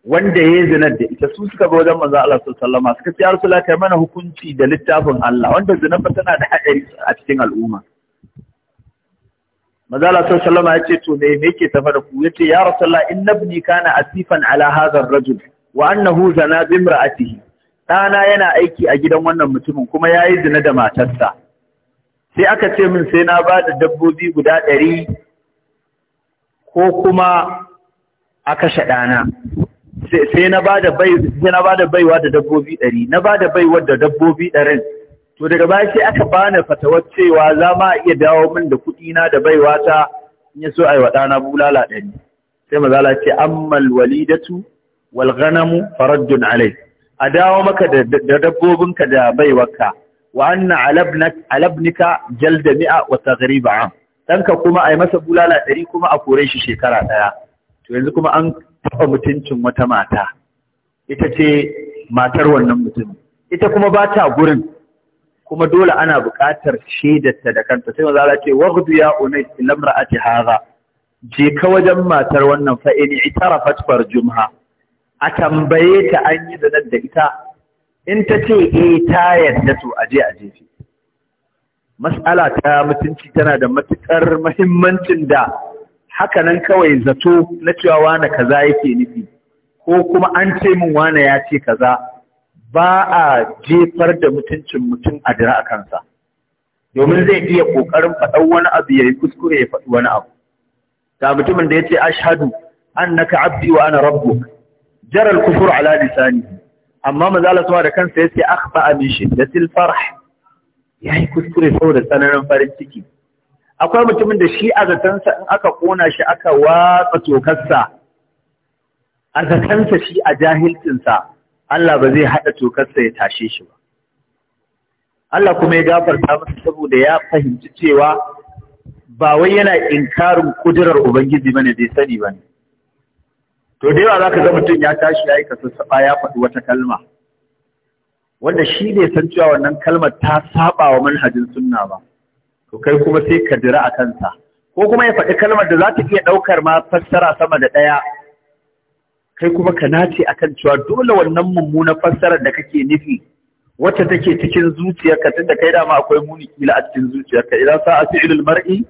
wanda ya yi zinar da ita su suka ga wajen manzo Allah sallama suka fi ya mana hukunci da littafin Allah wanda zinar fa tana da haɗari a cikin al'umma manzo Allah sallama ya ce to me me yake tafa da ku yace ya Rasulullah inna ibni kana asifan ala hadha ar-rajul wa annahu zana bi imra'atihi dana yana aiki a gidan wannan mutumin kuma yayi zina da matarsa sai aka ce min sai na ba da dabbobi guda ɗari ko kuma a kashe ɗana sai na ba da baiwa da dabbobi ɗari na ba da baiwa da dabbobi ɗarin to daga baya sai aka bani fatawar cewa za ma iya dawo min da kuɗina da baiwa ta in ya so a yi wa ɗana bulala ɗari sai mazala ce ammal walidatu wal ghanamu faraddun alai a dawo maka da dabbobinka da baiwarka wa anna alabnika jalda mi'a wa taghriba am kuma kuma yi masa bulala ɗari kuma a kore shi shekara ɗaya to yanzu kuma an taɓa mutuncin wata mata ita ce matar wannan mutum ita kuma ba ta gurin kuma dole ana buƙatar shaidarta da kanta sai maza ce waghdu ya unais lamra'ati hadha je ka wajen matar wannan fa in itarafat farjumha a tambaye ta an yi zanar da ita in ta ce e ta yadda to aje a jefe mas'ala ta mutunci tana da matukar muhimmancin da haka nan kawai zato na cewa wane kaza yake nufi ko kuma an ce min wane ya ce kaza ba a jefar da mutuncin mutum a dira a kansa domin zai iya ƙoƙarin faɗan wani abu ya yi kuskure ya faɗi wani abu ga mutumin da ya ce ashhadu annaka abdi wa ana rabbuk jaral kufur ala lisanihi amma maza Allah da kansa ya yace akhfa min shiddatil farh yi kuskure saboda tsananin farin ciki akwai mutumin da shi a zatansa in aka kona shi aka watsa tokarsa a zatansa shi a jahilcinsa Allah ba zai haɗa tokarsa ya tashe shi ba Allah kuma ya gafarta masa saboda ya fahimci cewa ba wai yana inkarin kudurar Ubangiji bane bai sani ba ne. to da yawa ka zama mutum ya tashi ya yi kasassaba ya faɗi wata kalma wanda shi ne san cewa wannan kalmar ta saba wa manhajin sunna ba to kai kuma sai ka dira a kansa ko kuma ya faɗi kalmar da za ta iya ɗaukar ma fassara sama da ɗaya kai kuma ka nace a kan cewa dole wannan mummunan fassarar da kake nufi wacce take cikin zuciyarka tun da kai dama akwai muni kila a cikin zuciyarka idan sa'a fi'lul mar'i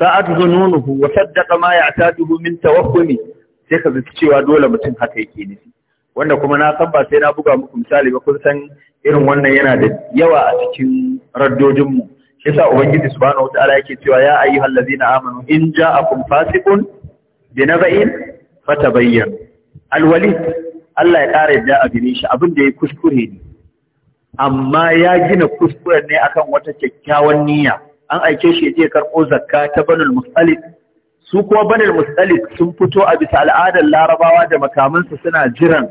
sa'a zununuhu wa saddaqa ma ya'taduhu min sai ka zuci cewa dole mutum haka yake nufi wanda kuma na san ba sai na buga muku misali ba kun san irin wannan yana da yawa a cikin raddojinmu shi yasa ubangiji subhanahu ta'ala yake cewa ya ayyuhal na amanu in ja ja'akum fasiqun binaba'in fatabayyan alwalid Allah ya kare da abin shi abin da ya kuskure ne amma ya gina kuskuren ne akan wata kyakkyawan niyya an aike shi ya je karɓo zakka ta banul musallin su kuma banar musalik sun fito a bisa al'adar larabawa da makamansa suna jiran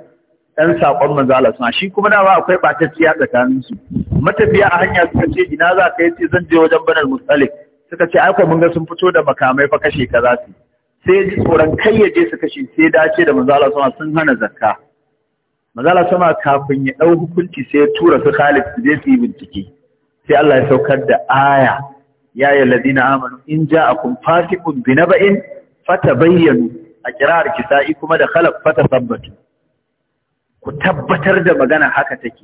ɗan saƙon manzo Allah suna shi kuma dama akwai ɓatacciya tsakanin su matafiya a hanya suka ce ina za ka yace zan je wajen banar musalik suka ce ai mun ga sun fito da makamai fa kashe ka za su sai ji tsoron kai ya je su kashe sai dace da manzo suna sun hana zakka manzo Allah kafin ya ɗau hukunci sai ya tura su Khalid su je su yi bincike sai Allah ya saukar da aya ya yi ladina amanu in ja a kun fasikun bi na ba'in fata bayyanu a kirar kisa'i kuma da khalaf fata sabbatu ku tabbatar da magana haka take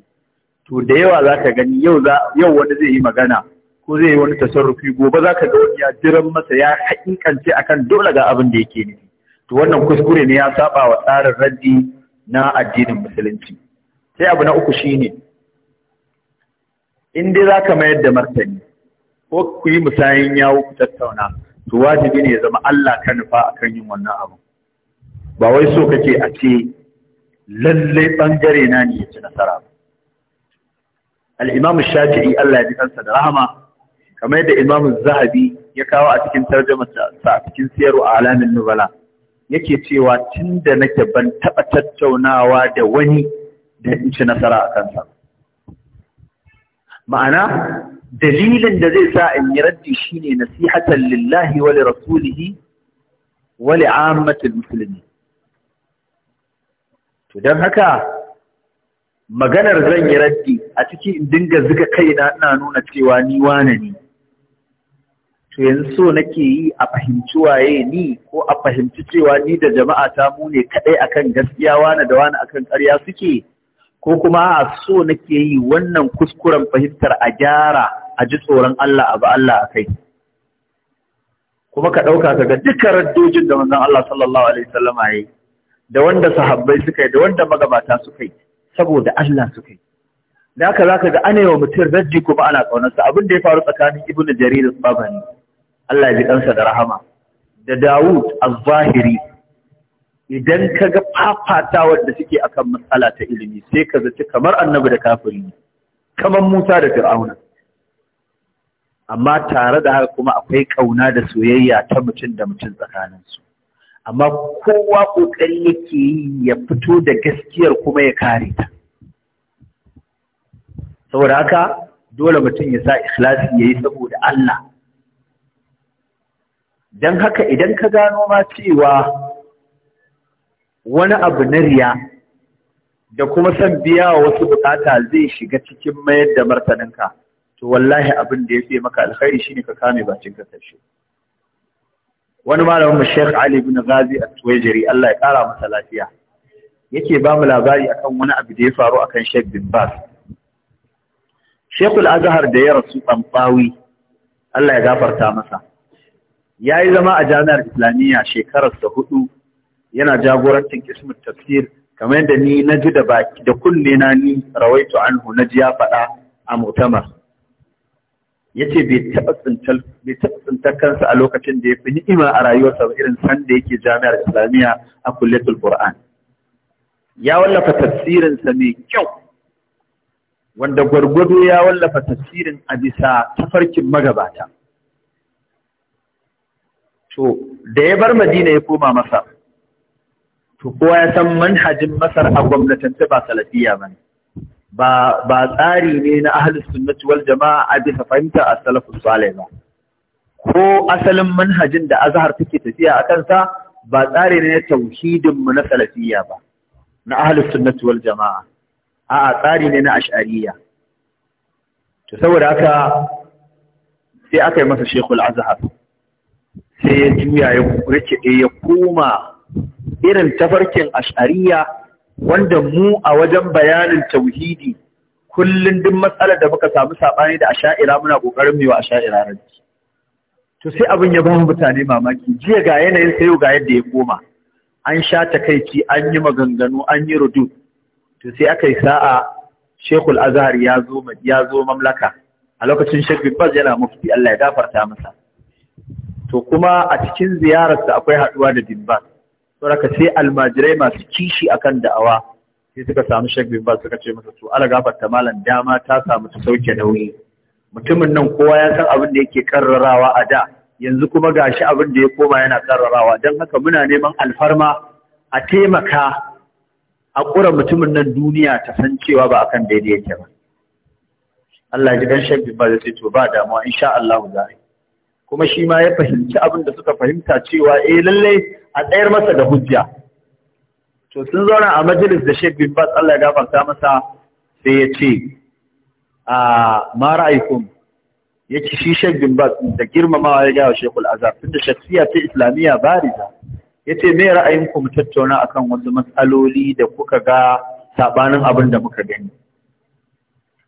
to da yawa za ka gani yau wani zai yi magana ko zai yi wani tasarrufi gobe za ka ga wani ya jiran masa ya haƙiƙance kan dole ga abin da yake nufi to wannan kuskure ne ya saba wa tsarin raddi na addinin musulunci sai abu na uku shine in dai za ka mayar da martani ko ku yi musayin yawo ku tattauna to wajibi ne ya zama Allah ka nufa akan yin wannan abu ba wai so kake a ce lalle bangare na ne ya ci nasara ba al-Imam Shafi'i Allah ya ji kansa da rahama kamar yadda Imam Zahabi ya kawo a cikin tarjumar sa a cikin siyaru alamin nubala yake cewa tunda nake ban taba tattaunawa da wani da in ci nasara a kansa ma'ana dalilin da zai sa in yi raddi shi shine nasihatan lillahi wa li rasulihi wa li ammatil to dan haka maganar zan yi raddi a ciki in dinga zuga kaina ina nuna cewa ni wane ne to yanzu so nake yi a fahimci waye ni ko a fahimci cewa ni da jama'a ta mu ne kadai akan gaskiya wane da wane akan ƙarya suke ko kuma a so nake yi wannan kuskuren fahimtar a gyara a ji tsoron Allah abu Allah a kai kuma ka ɗauka ka ga dukkan raddojin da manzon Allah sallallahu alaihi wasallam yi, da wanda sahabbai suka yi da wanda magabata suka yi saboda Allah suka yi da haka ka ga ana yawa mutum raddi kuma ana ƙaunarsa abin da ya faru tsakanin Ibn Jarir babani Allah ya ji ɗansa da rahama da Dawud az-Zahiri idan ka ga fafatawar da suke akan matsala ta ilimi sai ka zaci kamar annabi da kafiri ne kamar Musa da Fir'auna amma tare da haka kuma akwai kauna da soyayya ta mutum da mutum su amma kowa kokari yake yi ya fito da gaskiyar kuma ya kare ta saboda haka dole mutum ya sa ikhlasi yayi saboda Allah dan haka idan ka gano ma cewa wani abu na riya da kuma san biya wa wasu bukata zai shiga cikin mayar da martaninka to wallahi abin da ya fi maka alkhairi shine ka kame bakin ka tashi wani malamin mu Sheikh Ali ibn Ghazi at jari, Allah ya kara masa lafiya yake ba mu labari akan wani abu da ya faru akan Sheikh bin Bas Sheikh azhar da ya rasu tsambawi Allah ya gafarta masa yayi zama a jami'ar Islamiyya shekarar ta hudu yana jagorancin ismin tafsir kamar yadda ni na ji da baki da kunne na ni rawaitu anhu na ji ya faɗa a mu'tamar yace bai taba bai taɓa tsintar kansa a lokacin da ya fi ni'ima a rayuwarsa ba irin san da yake jami'ar islamiyya a kulletul qur'an ya wallafa tafsirinsa mai kyau wanda gwargwado ya wallafa tafsirin a bisa tafarkin magabata to da ya bar madina ya koma masa to kowa ya san manhajin masar a gwamnatance ba salafiya ba ne ba tsari ne na ahalus sunnati wal jama'a a bisa fahimta a salafus salih ba ko asalin manhajin da azhar take tafiya a kansa ba tsari ne na tauhidin mu na salafiyya ba na ahlus sunnati wal jama'a a'a tsari ne na ash'ariyya to saboda haka sai aka yi masa shekul azhar sai ya juya ya rike ya koma irin tafarkin ash'ariya wanda mu a wajen bayanin tauhidi kullum duk matsalar da muka samu saɓani da asha'ira muna ƙoƙarin yi wa asha'ira ranci to sai abin ya bamu mutane mamaki jiya ga yanayin sayo ga yadda ya koma an sha takaici an yi maganganu an yi rudu to sai aka yi sa'a shekul azhar ya zo ya zo mamlaka a lokacin shek bibbas yana mufti Allah ya gafarta masa to kuma a cikin ziyararsa akwai haɗuwa da bibbas saboda sai almajirai masu kishi akan da'awa sai suka samu Sheikh ba suka ce masa su. ala ta malam dama ta samu ta sauke nauyi mutumin nan kowa ya san abin da yake karrarawa a da yanzu kuma gashi abin da ya koma yana karrarawa don haka muna neman alfarma a taimaka a ƙura mutumin nan duniya ta san cewa ba akan daidai yake ba Allah ji dan Sheikh bin Baz sai to ba damuwa insha Allah za a kuma shi ma ya fahimci abin da suka fahimta cewa eh lallai a tsayar masa da hujja to sun zauna a majalis da Sheikh bin Baz Allah ya gafarta masa sai ya ce a ma ra'aykum yace shi Sheikh bin Baz da girmamawa ya gawa Sheikhul Azhar tunda shakhsiya ta islamiyya bariza yace me ra'ayinku mu tattauna akan wasu matsaloli da kuka ga sabanin abin da muka gani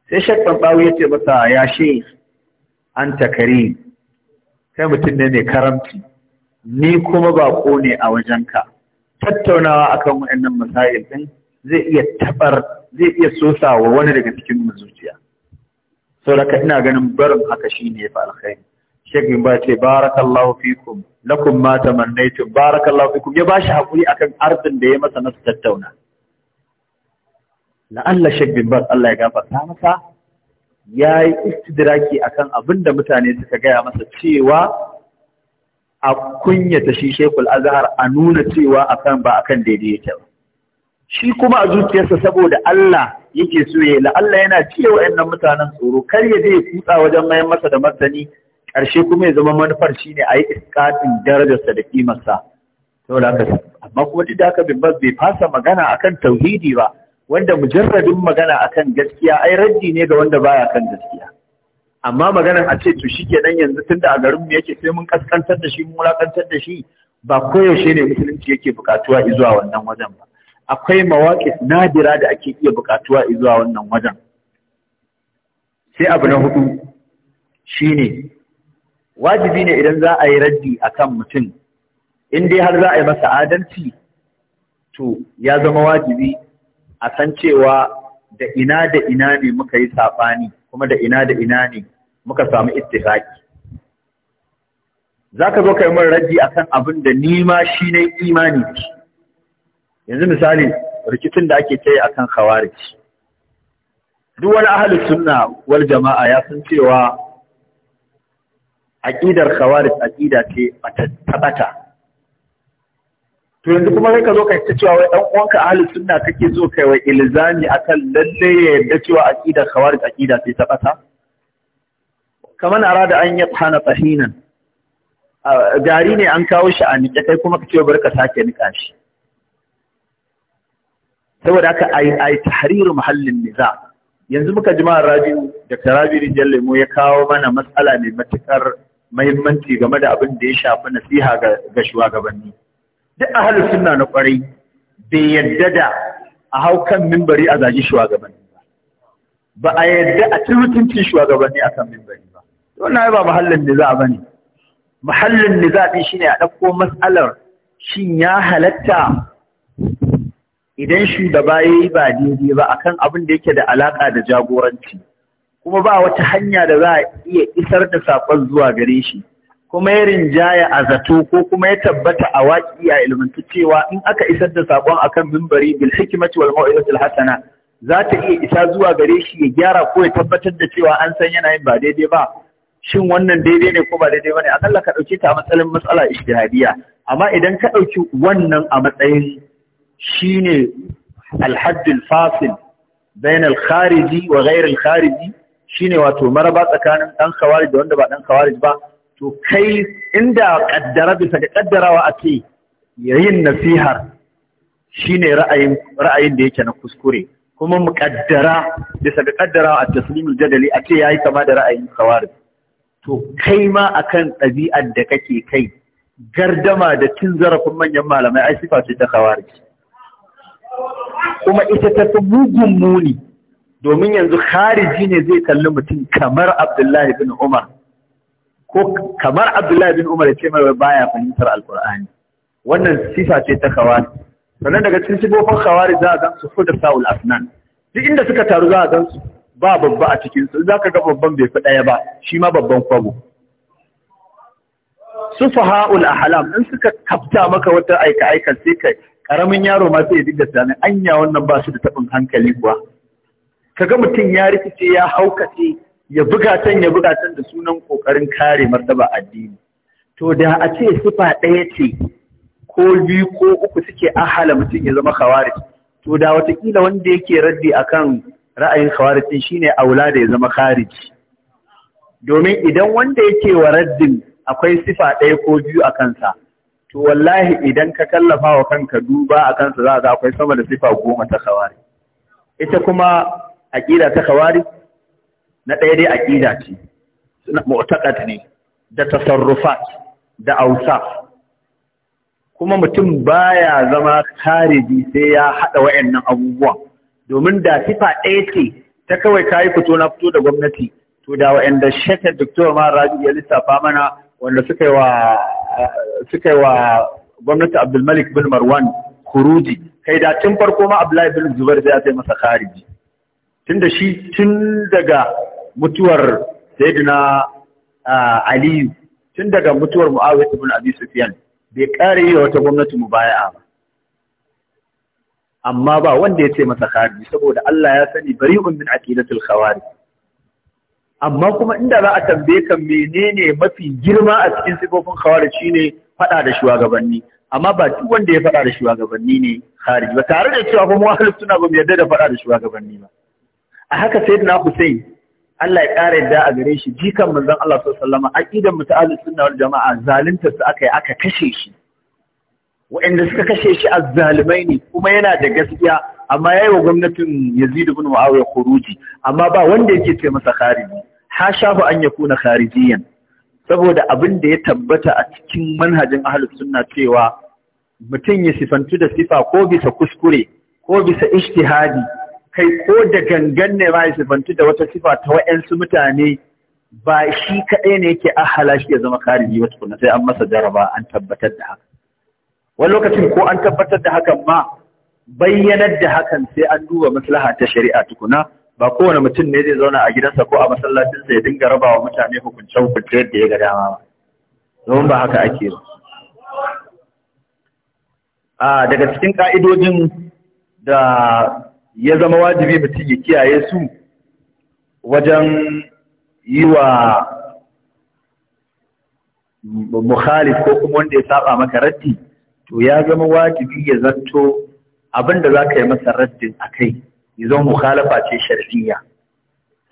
sai Sheikh ya yace masa ya Sheikh anta karim kai mutum ne mai karamci ni kuma baƙo ne a wajenka tattaunawa akan waɗannan masail ɗin zai iya tabar zai iya sosawa wani daga cikin zuciya saboda ina ganin barin haka shine fa alkhairi shekin ba ce barakallahu fikum lakum ma tamannaitum barakallahu fikum ya bashi hakuri akan ardin da ya masa na tattauna la'alla shekin ba Allah ya gafarta masa ya yi istidraki akan abin da mutane suka gaya masa cewa a kunyata shi shekul azhar a nuna cewa akan ba akan daidai yake ba shi kuma a zuciyarsa saboda Allah yake so ya la'alla yana cewa wayannan mutanen tsoro kar ya zai kutsa wajen mayan masa da martani ƙarshe kuma ya zama manufar shine a yi iskatin darajarsa da kimarsa saboda amma kuma duk da haka bin bai fasa magana akan tauhidi ba wanda mujarradin magana akan gaskiya ai raddi ne ga wanda baya kan gaskiya amma maganar a ce to shi ke dan yanzu tunda a garin mu yake sai mun kaskantar da shi mun mulakantar da shi ba koyaushe ne musulunci yake bukatuwa zuwa wannan wajen ba akwai mawaƙi nadira da ake iya bukatuwa zuwa wannan wajen sai abu na hudu shine wajibi ne idan za a yi raddi akan mutum in dai har za a yi masa adalci to ya zama wajibi a san cewa da ina da ina ne muka yi saɓani kuma da ina da ina ne muka samu ittifaki za ka zo ka yi raji a kan abin da nima shi ne imani da yanzu misali rikicin da ake ta yi a kan khawarij duk wani ahalin sunna wal jama'a ya san cewa aƙidar khawarij aƙida ce ta ɓata to yanzu kuma sai ka zo ka ta cewa wai dan uwanka ahli sunna kake zo kai wai ilzami akan lalle ya yarda cewa aqida khawarij aqida sai ta kasa kaman arada an tsana tahinan gari ne an kawo shi a nike kai kuma kace barka sake nika shi saboda haka ai ai tahrir mahallin niza yanzu muka jima rabiu dr rabiu jalle mu ya kawo mana matsala mai matakar muhimmanci game da abin da ya shafi nasiha ga shugabanni duk ahalus sunna na kwarai bai yadda da a hau kan mimbari a zagi shugabanni ba ba a yadda a ci mutuncin shugabanni a kan mimbari ba wannan ba mahallin niza ba ne mahallin a ɗin ne a ɗauko matsalar shin ya halatta idan shugaba ya yi ba daidai ba akan abin da yake da alaƙa da jagoranci kuma ba wata hanya da za a iya isar da saƙon zuwa gare shi kuma ya rinjaya a zato ko kuma ya tabbata a waƙi a ilmantu cewa in aka isar da saƙon akan mimbari bil hikimati wal mau'izatil hasana za ta iya isa zuwa gare shi ya gyara ko ya tabbatar da cewa an san yana yin ba daidai ba shin wannan daidai ne ko ba daidai bane akalla ka ɗauke ta a matsalin matsala ijtihadiyya amma idan ka ɗauki wannan a matsayin shine alhaddul fasil bain al-khariji wa ghayr al-khariji shine wato maraba tsakanin dan khawarij da wanda ba dan khawarij ba to kai inda kaddara bisa ga kaddarawa a ce nasihar shine ra'ayin ra'ayin da yake na kuskure kuma muƙaddara bisa ga kaddarawa a taslimul jadali ake yayi kama da ra'ayin khawarij to kai ma akan ɗabi'ar da kake kai gardama da cin zarafin manyan malamai ai sifa ce ta khawarij kuma ita ta fi mugun muni domin yanzu khariji ne zai kalli mutum kamar Abdullahi bin Umar ko kamar Abdullahi bin Umar ya ce mai baya fahimtar Alƙur'ani wannan sifa ce ta kawari sannan daga cikin sifofin kawari za a gan su fudar sa'ul asnan duk inda suka taru za a gan su ba babba a cikin su za ka ga babban bai fi ya ba shi ma babban kwabo sufaha'ul ahlam in suka kafta maka wata aika aika sai kai karamin yaro ma sai ya dinga tunanin anya wannan ba su da tabin hankali kuwa kaga mutum ya rikice ya haukace ya buga can ya buga can da sunan kokarin kare martaba addini to da a ce sifa ɗaya ce ko biyu ko uku suke ahala mutum ya zama khawarij to da watakila wanda yake raddi akan ra'ayin khawarij din shine aula da ya zama khariji domin idan wanda yake wa raddin akwai sifa ɗaya ko biyu a kansa to wallahi idan ka kallafa wa kanka duba a kansa za a akwai sama da sifa goma ta khawarij ita kuma aqida ta khawarij na ɗaya dai aƙida ce suna mutaƙat ne da tasarrufat da ausa kuma mutum baya zama khariji sai ya haɗa wayannan abubuwa domin da sifa ɗaya ce ta kawai kayi fito na fito da gwamnati to da wayanda shekar doktor ma Raju ya lissafa mana wanda suka yi wa gwamnati Abdulmalik bin Marwan kuruji kai da tun farko ma Abdullahi bin Zubar zai ya masa Tun da shi tun daga mutuwar sayyidina aliyu tun daga mutuwar mu'awiyah ibn abi sufyan bai kare yi wata gwamnati mu mubaya'a ba amma ba wanda ya ce masa khariji saboda Allah ya sani bari'un min aqidatul khawarij amma kuma inda za a tambaye ka menene mafi girma a cikin sifofin khawarij shine faɗa da shugabanni amma ba duk wanda ya faɗa da shugabanni ne khariji ba tare da cewa kuma ahlus suna ba mu yarda da fada da shugabanni ba a haka sayyidina Hussein Allah ya ƙara yadda a gare shi jikan manzon Allah sallallahu alaihi wasallam aqidan muta'allis sunna wal jama'a zalunta su aka yi aka kashe shi waɗanda suka kashe shi az-zalimai ne kuma yana da gaskiya amma ya yi wa gwamnatin Yazid ibn Muawiya khuruji amma ba wanda yake ce masa khariji ha shafu an yakuna kharijiyan saboda abin da ya tabbata a cikin manhajin ahlus sunna cewa mutum ya sifantu da sifa ko bisa kuskure ko bisa ijtihadi kai ko da gangan ne ma ya da wata sifa ta wa'yansu mutane ba shi kaɗai ne yake ahala shi ya zama kariji wata kuna sai an masa jaraba an tabbatar da haka. Wani lokacin ko an tabbatar da hakan ma bayyanar da hakan sai an duba maslaha ta shari'a tukuna ba kowane mutum ne zai zauna a gidansa ko a masallacinsa ya dinga raba wa mutane hukunce hukunce yadda ya ga dama ba. Domin ba haka ake ba. daga cikin ka'idojin da ya zama wajibi mutum ya kiyaye su wajen yi wa mukhalif ko kuma wanda ya saba maka raddi to ya zama wajibi ya zanto abin da za ka yi masa raddin a kai ya zama mukhalafa ce shari'a.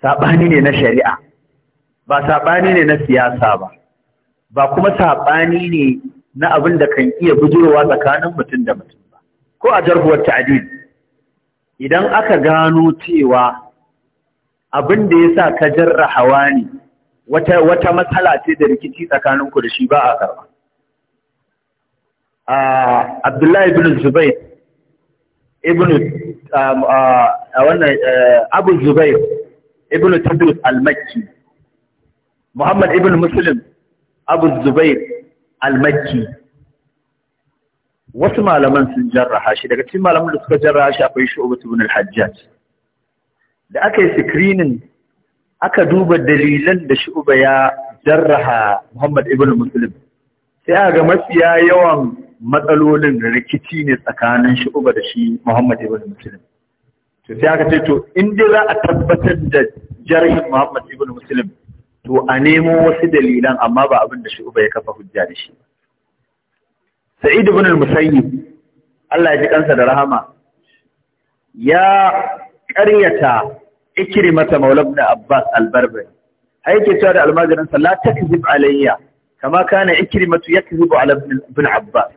saɓani ne na shari'a ba saɓani ne na siyasa ba ba kuma saɓani ne na abin da kan iya bujurowa tsakanin mutum da mutum ba ko a jarhuwar ta'adili idan aka gano cewa abin da ya sa ka jarra wani wata, wata matsala ce da rikici tsakaninku da shi ba a karba. Abdullahi ibn Zubair, ibn, um, a eh, Abu Zubair, ibn Tadus al-Makki, Muhammad ibn Muslim, Abu Zubair al-Makki, wasu malaman sun jarraha shi daga cikin malaman da suka jarraha shi akwai shu'bat ibn al-hajjaj da aka yi screening aka duba dalilan da shi uba ya jarraha Muhammad ibn Muslim sai a ga mafiya yawan matsalolin rikici ne tsakanin shi uba da shi Muhammad ibn Muslim to sai aka ce to in dai za a tabbatar da jarhin Muhammad ibn Muslim to a nemo wasu dalilan amma ba abin da uba ya kafa hujja da shi ba Sa'id ibn al-Musayyib Allah ya ji kansa da rahama ya ƙaryata mata maulab da Abbas al-Barbari ai yake cewa da almajirin sa la takzib alayya kama kana ya yakzibu ala alabin Abbas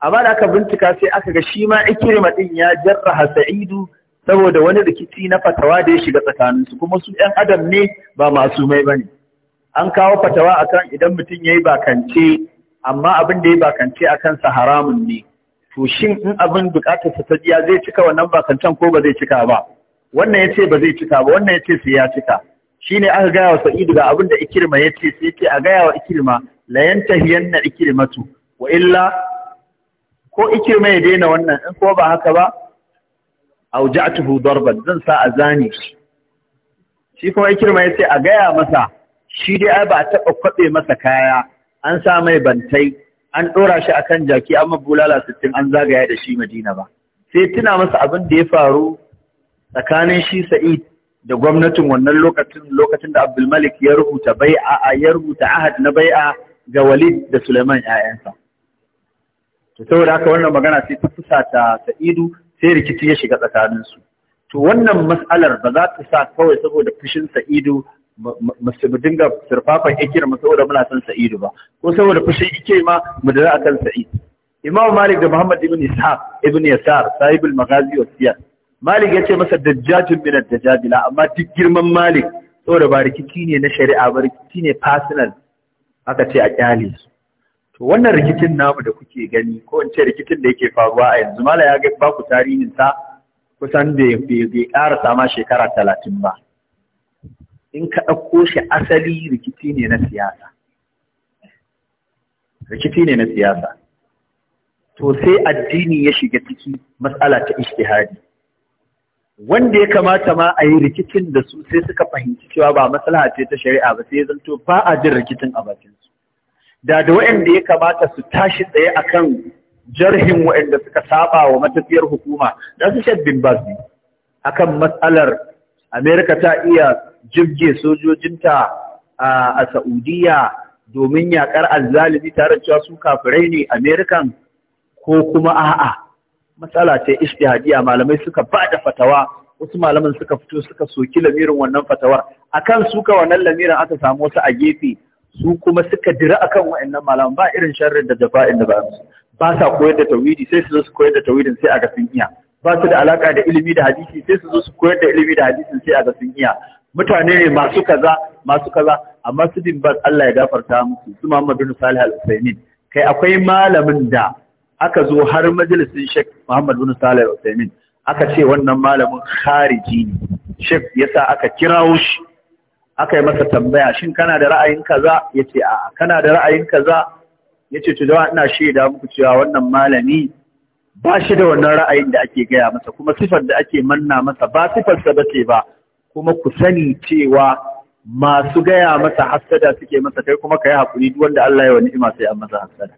amma da aka bincika sai aka ga shi ma ikiri din ya jarraha Sa'idu saboda wani rikici na fatawa da ya shiga tsakaninsu kuma su ‘yan adam ne ba masu mai ba ne an kawo fatawa a akan idan mutum ya yi bakance amma abin da ya bakance a kansa haramun ne to shi in abin bukatar sa tajiya zai cika wannan bakancan ko ba zai cika ba wannan ya ce ba zai cika ba wannan ya ce sai ya cika Shi ne aka gaya wa Sa'idu ga abin da Ikirma ya ce, sai ce a gaya wa Ikirma na ikirma Ikirmatu wa illa ko Ikirma ya daina wannan in ko ba haka ba a darban zan sa zane. shi kuma Ikirma ya ce a gaya masa shi dai ba a taɓa kwaɓe masa kaya an sa mai bantai an ɗora shi a kan jaki an bulala sittin an zagaya da shi madina ba sai tuna masa abin da ya faru tsakanin shi sa'id da gwamnatin wannan lokacin lokacin da abdulmalik ya rubuta bai'a ya rubuta ahad na bai'a ga walid da suleiman 'ya'yansa to saboda haka wannan magana sai ta fusata sa'idu sai rikici ya shiga tsakanin su to wannan mas'alar ba za ta sa kawai saboda fushin sa'idu mu dinga surfafan ikir mu saboda muna son sa'idu ba ko saboda fushin ike ma mu da akan sa'id imam malik da muhammad ibn ishaq ibn yasar sahibul maghazi wa siyar malik yace masa dajjajun min da amma duk girman malik saboda ba rikici ne na shari'a ba rikici ne personal aka ce a kyale su to wannan rikicin namu da kuke gani ko in ce rikicin da yake faruwa a yanzu mala ya ga ba ku tarihin sa kusan da bai ƙara sama shekara talatin ba in ka ɗauko shi asali rikici ne na siyasa rikici ne na siyasa to sai addini ya shiga ciki matsala ta ishtihadi wanda ya kamata ma a yi rikicin da su sai suka fahimci cewa ba maslaha ce ta shari'a ba sai zanto ba a jin rikicin a bakinsu da da waɗanda ya kamata su tashi tsaye kan jarhin waɗanda suka saba wa matafiyar hukuma da su shabbin ba su akan matsalar Amerika ta iya jibge sojojinta a Saudiya domin yakar azzalimi tare cewa su kafirai ne Amerikan ko kuma a'a. Matsala ce ishtihadiya malamai suka ba da fatawa wasu malaman suka fito suka soki lamirin wannan fatawar akan suka wannan lamirin aka samu wasu a gefe su kuma suka dira akan wa'annan malaman ba irin sharrin da jafa'in da ba su ba sa koyar da tawidi, sai su zo su koyar da tawidin sai a ga sun iya ba su da alaka da ilimi da hadisi sai su zo su koyar da ilimi da hadisin sai a ga sun iya mutane ne masu kaza masu kaza amma su din bas Allah ya gafarta musu su Muhammadu bin Salih al-Utsaimin kai akwai malamin da aka zo har majalisin Sheikh Muhammadu bin Salih al-Utsaimin aka ce wannan malamin khariji ne Sheikh yasa aka kirawo shi aka yi masa tambaya shin kana da ra'ayin kaza yace a'a kana da ra'ayin kaza yace to da ina shaida muku cewa wannan malami ba shi da wannan ra'ayin da ake gaya masa kuma sifar da ake manna masa ba sifarsa ba ce ba kuma ku sani cewa masu gaya masa hasada suke masa kai kuma ka yi haƙuri duk wanda Allah ya wani ima sai an masa hassada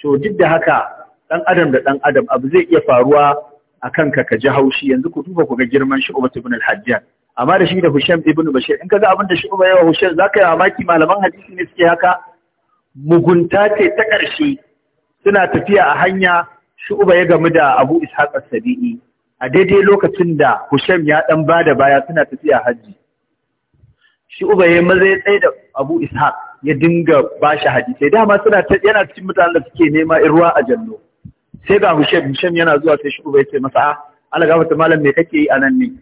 to duk da haka ɗan adam da ɗan adam abu zai iya faruwa a kanka ka ji haushi yanzu ku duba ku ga girman Shu'bah ibn al-Hajjaj amma da shi da Husham ibn Bashir in ka ga abin da Shu'bah yawa Husham ka yi mamaki malaman hadisi ne suke haka mugunta ce ta ƙarshe suna tafiya a hanya shu'uba ya gamu da abu ishaq as-sabi'i a daidai lokacin da husham ya dan bada baya suna tafiya hajji shu'uba ya maza ya tsaye da abu ishaq ya dinga bashi hadisai dama suna yana cikin mutanen da suke nema ruwa a jallo sai ga husham husham yana zuwa sai shu'uba ya ce masa ah, Allah gafarta malam me kake yi anan ne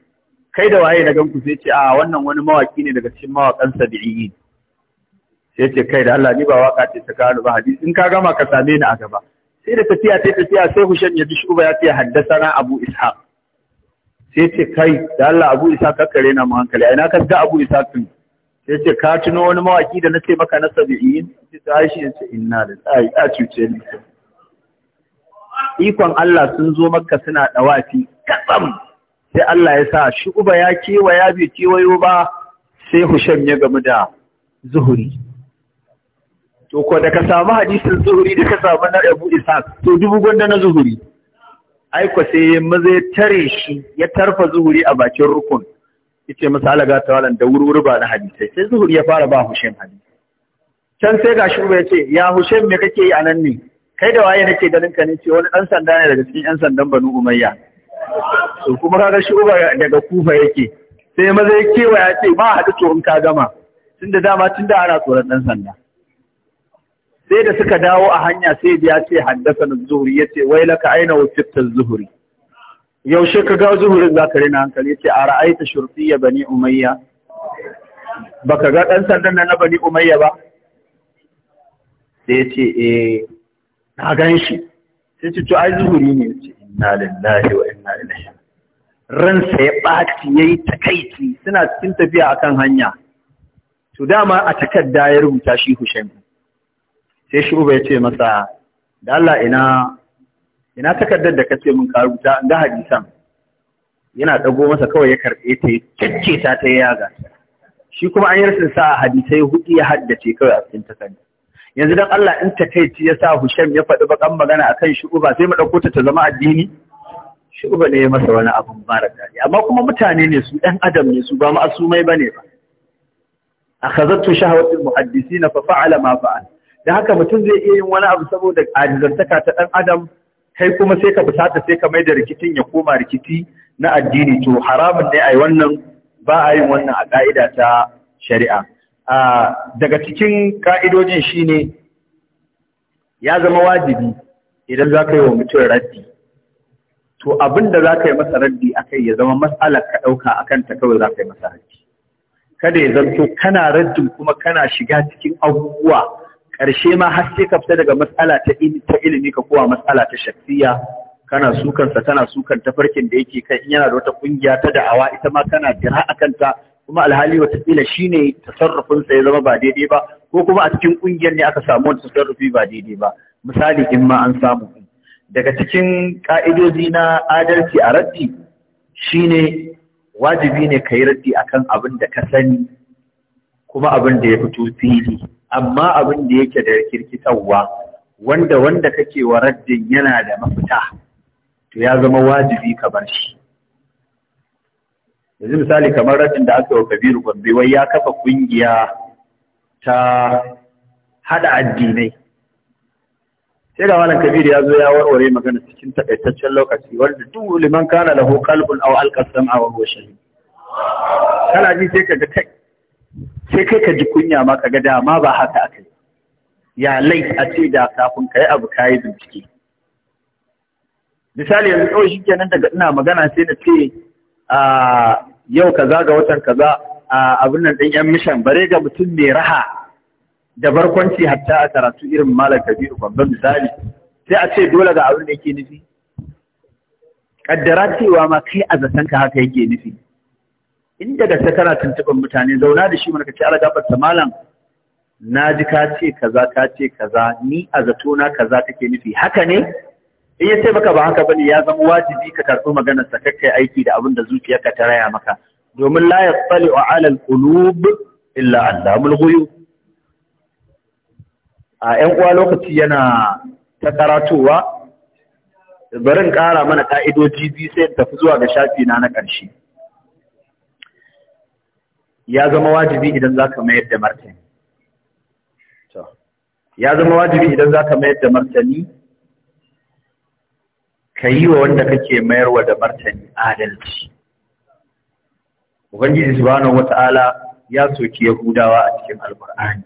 kai da waye na ganku sai ce a ah, wannan wani mawaki ne daga cikin mawakan sabi'i ce kai da Allah ni ba waka ce ta kawo ba hadisi in ka gama ka same ni a gaba sai da tafiya ta tafiya sai Hushaim ya ji shuba ya ce haddasana Abu Ishaq sai ce kai da Allah Abu Ishaq ka kare na mu hankali ai na ka ga Abu Ishaq tun sai ce ka tuno wani mawaki da nace maka na sabi'in sai ta aishi ya ce inna lillahi a cuce ni ikon Allah sun zo maka suna dawafi katsam sai Allah ya sa uba ya kewa ya bi kewayo ba sai Hushaim ya gamu da zuhuri to ko da ka samu hadisin zuhuri da ka samu na Abu isa to dubu gwanda na zuhuri ai ko sai maza ya tare shi ya tarfa zuhuri a bakin rukun yace masa alaga ta walan da wurwuri ba na hadisai sai zuhuri ya fara ba Hushaim hadisi can sai ga shi ya ce ya Hushaim me kake yi anan ne kai da waye nake ganin ka ne ce wani dan sanda ne daga cikin yan sandan Banu Umayya to kuma kaga shi uba daga Kufa yake sai maza ya kewaya ce ba hadu to in ka gama tunda dama tunda ana tsoron dan sanda sai da suka dawo a hanya sai ya ce haddasa na zuhuri ya ce wai laka aina wufittar zuhuri yaushe ka ga zuhurin za ka rina hankali ya ce a ra'aita shurfiya bani umayya ba ka ga ɗan sandan na bani umayya ba sai ya ce eh na gan shi sai ce to ai zuhuri ne ya ce inna lillahi wa inna ilaihi ransa ya ɓaci ya yi takaici suna cikin tafiya akan hanya to dama a takarda ya rubuta shi Hushaim sai shi uba ya ce masa da Allah ina ina takardar da kace min ka rubuta ga hadisan yana dago masa kawai ya karbe ta cicce ta ta yaga shi kuma an yarsa sa hadisai hudi ya haddace kawai a cikin takarda yanzu dan Allah in ci ya sa Husham ya faɗi bakan magana akan shi uba sai mu dauko ta ta zama addini shi uba ne ya masa wani abu mubaraka amma kuma mutane ne su dan adam ne su ba asumai bane ba akhazatu shahwatul muhaddisina fa fa'ala ma fa'ala da haka mutum zai iya yin wani abu saboda ajizantaka ta ɗan adam kai kuma sai ka fusata sai ka mai da rikicin ya koma rikici na addini to haramun ne a yi wannan ba a yin wannan a ƙa'ida ta shari'a daga cikin ƙa'idojin ne ya zama wajibi idan za ka yi wa mutum raddi to abin da za ka yi masa raddi a kai ya zama matsalar ka ɗauka a kanta kawai za ka yi masa raddi kada ya zanto kana raddin kuma kana shiga cikin abubuwa ƙarshe ma har sai ka fita daga matsala ta ilimi ka kowa matsala ta shaksiya kana sukansa kana sukan tafarkin da yake kai in yana da wata kungiya ta da'awa ita ma kana jira a kanta kuma alhali watakila shi ne tasarrufinsa ya zama ba daidai ba ko kuma a cikin ƙungiyar ne aka samu wani tasarrufi ba daidai ba misali in ma an samu daga cikin ka'idoji na adalci a raddi shine wajibi ne ka yi raddi akan abin da ka sani kuma abin da ya fito fili amma abin da yake da kirkitarwa wanda wanda kake wa raddin yana da mafita to ya zama wajibi ka bar shi yanzu misali kamar raddin da aka yi wa kabiru gombe wai ya kafa kungiya ta hada addinai sai da malam kabir ya zo ya warware magana cikin takaitaccen lokaci wanda duk liman kana lahu qalbun aw alqasam aw wa huwa shahid kana ji sai ka ga kai sai kai ka ji kunya ma ka ga dama ba haka akai ya lai a ce da kafin ka yi abu ka yi bincike misali yanzu kawai kenan daga ina magana sai na ce a yau kaza ga watan kaza a abin nan ɗin yan mishan bare ga mutum mai raha da barkwanci hatta a karatu irin malam kabiru babban misali sai a ce dole ga abin da yake nufi kaddara cewa ma kai a zaton ka haka yake nufi in da ta kana tuntuban mutane zauna da shi mana ka ce ala ta malam na ji ka ce kaza ka ce kaza ni a zatona kaza kake nufi haka ne in ya ce maka ba haka bane ya zama wajibi ka karɓi maganar sa kakkai aiki da abin da zuciyarka ta raya maka domin la yattali'u ala al-qulub illa allamul ghuyub a 'yan uwa lokaci yana ta karatowa barin ƙara mana ka'idoji biyu sai tafi zuwa ga shafi na na ƙarshe ya zama wajibi idan za ka mayar da martani ya zama wajibi idan za ka mayar da martani ka yi wa wanda kake mayarwa da martani adalci ubangiji subhanahu wata'ala ya soki yahudawa a cikin alkur'ani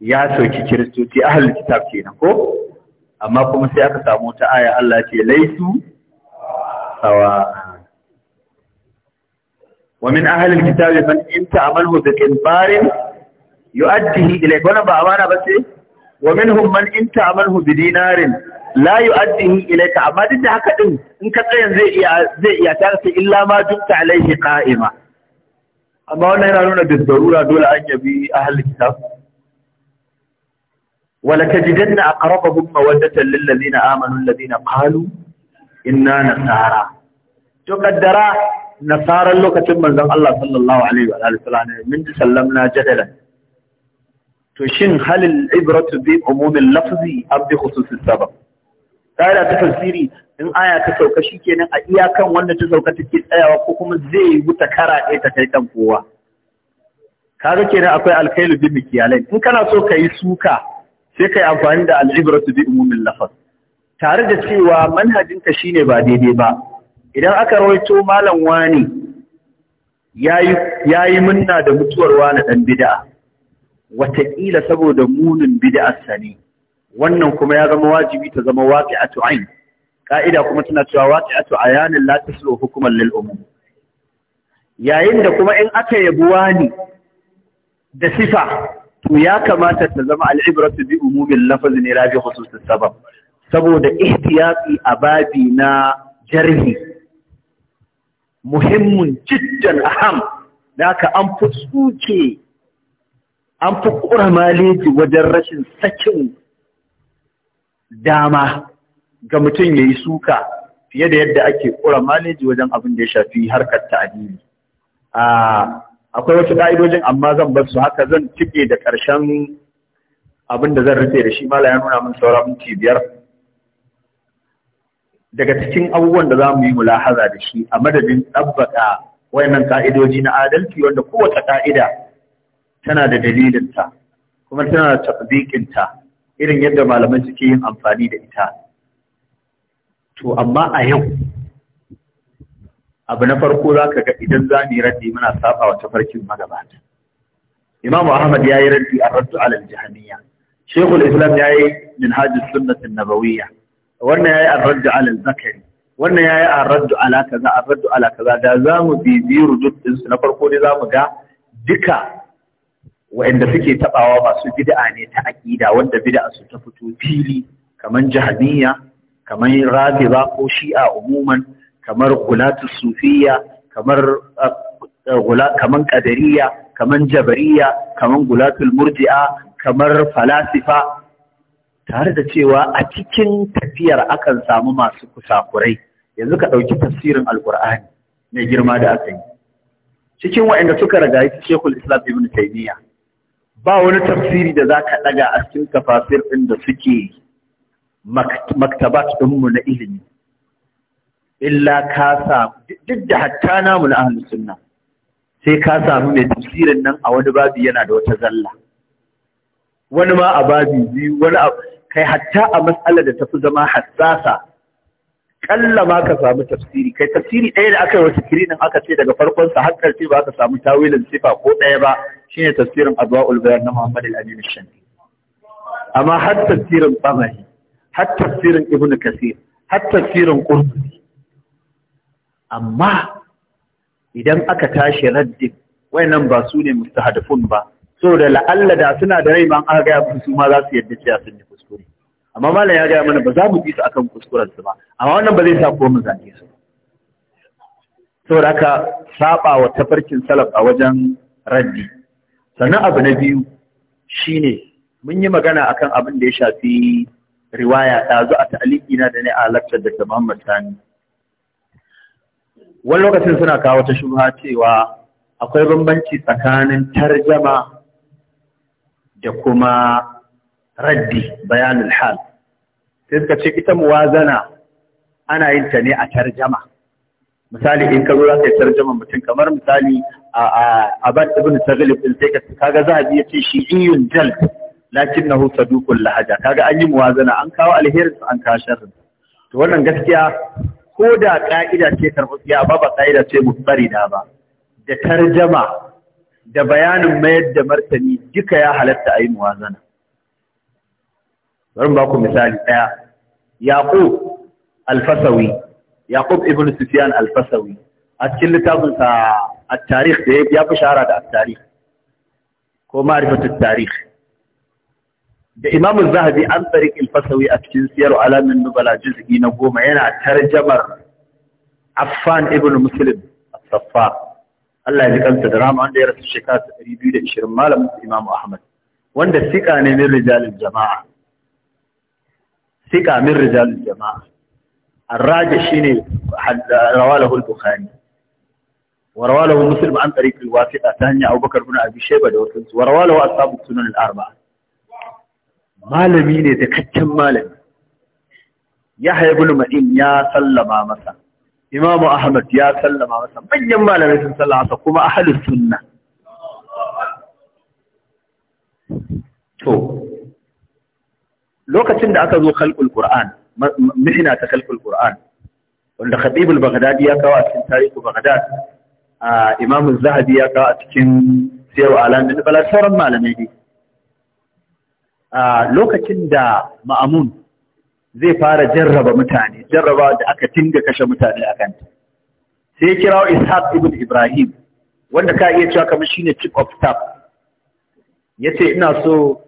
ya soki kiristoci a kitab kenan ko amma kuma sai aka samu ta aya Allah ce laisu sawa ومن أهل الكتاب من إن تعمله بكنبار يؤديه إليك وانا بأمانة بس ومنهم من إن تعمله بدينار لا يؤديه إليك أما دي حكا إن كتين زي يتغسي إلا ما دمت عليه قائمة أما وانا هنا نونا بالضرورة دول أن يبي أهل الكتاب ولتجدن أقربهم مودة للذين آمنوا الذين قالوا إنا نسارا تقدرا nasarar lokacin manzon Allah sallallahu alaihi wa alihi wasallam min sallamna jadalan to shin hal ibratu bi umum lafzi am bi khusus sabab kaida ta tafsiri in aya ta sauka shikenan a iyakan wanda ta sauka take tsayawa ko kuma zai wuta kara ɗaya ta kai kan kowa kaga kenan akwai alkailu bi mikiyalai in kana so kai suka sai kai amfani da al-ibratu bi umum lafz tare da cewa manhajinka shine ba daidai ba idan aka rawaito malam wani ya yi munna da mutuwar wani ɗan bida wataƙila saboda munin bida'arsa ne wannan kuma ya zama wajibi ta zama waƙi'atu ain ka'ida kuma tana cewa waƙi'atu ayanin la taslu hukuman lil umum yayin da kuma in aka yabi wani da sifa to ya kamata ta zama al'ibratu bi umumin lafazi ne rabi khususus sabab saboda ihtiyati a babi na jarhi muhimmin jiddan aham da aka an fi tsuke an fi ƙura maleji wajen rashin sakin dama ga mutum ya yi suka fiye da yadda ake ƙura maleji wajen abin da ya shafi harkar ta'adili. Akwai wasu ƙa'idojin amma zan bar su haka zan cike da ƙarshen abin da zan rufe da shi mala ya nuna min saura minti biyar daga cikin abubuwan da za mu yi mulahaza da shi a madadin tsabbaka wayannan ka'idoji na adalci wanda kowace ka'ida tana da dalilinta kuma tana da tabiƙinta irin yadda malaman suke yin amfani da ita to amma a yau abu na farko za ka ga idan za mu yi raddi muna saba wa tafarkin magabata imam ahmad ya yi raddi a raddu alal jahaniya shekul islam ya yi min hajji sunnatin nabawiyya wannan yayi ar-raddu ala al-zakari wannan yayi ar-raddu ala kaza ar-raddu ala kaza da zamu bibiyi rudud su na farko dai zamu ga duka waɗanda suke tabawa masu bid'a ne ta aƙida. wanda bid'a su ta fito fili kaman jahmiya kaman rafida ko shi'a umuman kamar gulatu sufiya kamar eh, kaman kadariya kaman jabariya kaman gulatul murji'a kamar falasifa tare da cewa a cikin tafiyar akan samu masu kusakurai yanzu ka ɗauki tafsirin alkur'ani mai girma da aka yi cikin waɗanda suka raga yi shekul islam ibn taimiyya ba wani tafsiri da za ka ɗaga a cikin tafasir ɗin da suke maktabat ɗinmu na ilimi illa ka samu duk da hatta namu na ahlus sunna sai ka samu mai tafsirin nan a wani babi yana da wata zalla wani ma a babi biyu wani kai hatta a matsalar da ta fi zama hassasa kalla ma ka samu tafsiri kai tafsiri ɗaya da aka yi wa kirinin aka ce daga farkon sa har ƙarshe ba ka samu tawilin sifa ko ɗaya ba shine tafsirin adwa'ul bayan na Muhammad al-Amin al-Shandi amma har tafsirin Bamari har tafsirin Ibn Kathir har tafsirin Qurtubi amma idan aka tashi raddin wayannan ba su ne mustahadifun ba saboda la'alla da suna da rai ma an gaya su ma za su yadda cewa sun yi amma malam ya gaya mana ba za mu bi su akan kuskuren su ba amma wannan ba zai sa ko mu zage su saboda haka saba wa tafarkin salaf a wajen raddi sannan abu na biyu shine mun yi magana akan abin da ya shafi riwaya ɗazu a ta'aliki na da ne a lakcar da ta Muhammad Sani wani lokacin suna kawo ta shubha cewa akwai bambanci tsakanin tarjama da kuma raddi bayanul hal sai suka ce ita muwazana ana yin ta ne a tarjama misali in ka zo za tarjama mutum kamar misali a abad ibn taglib din sai ka kaga zahabi yace shi iyun jal lakinnahu saduqul lahaja kaga an yi muwazana an kawo alherin an kawo sharri to wannan gaskiya ko da ka'ida ce ya ba ba ka'ida ce mutsarida ba da tarjama da bayanin mayar da martani duka ya halatta a yi muwazana bari ba ku misali ɗaya yaqub al-fasawi yaqub ibn sufyan al-fasawi a cikin littafin sa at-tarikh da ya fi shahara da a tarih ko ma'rifatu at-tarikh da imam zahabi an tariq al a cikin siyar alamin nubala juz'i na goma yana tarjamar affan ibn muslim as-saffar Allah ya ji kansa da rama wanda ya rasu shekara 220 malamin Imam Ahmad wanda sika ne min rijalin jama'a ثقة من رجال الجماعة الراجح شيني رواه البخاري ورواه مسلم عن طريق الواسطة تهني أبو بكر بن أبي شيبة دوتنس ورواه أصحاب السنن الأربعة malami ne da kakken malami ya haibu lumadin ya sallama masa imamu ahmad ya sallama masa manyan malamai sun sallama masa kuma ahalus sunna to lokacin da aka zo kalkul qur'an mihna ta kalkul qur'an wanda khatib Baghdad ya kawo a cikin tarihi baghdad a imam zahabi ya kawo a cikin siyar alam da bala sauran malamai ne a lokacin da ma'amun zai fara jarraba mutane jarraba da aka tinga kashe mutane a kanta sai ya kirawo ishaq ibn ibrahim wanda ka iya cewa kamar shine chief of staff yace ina so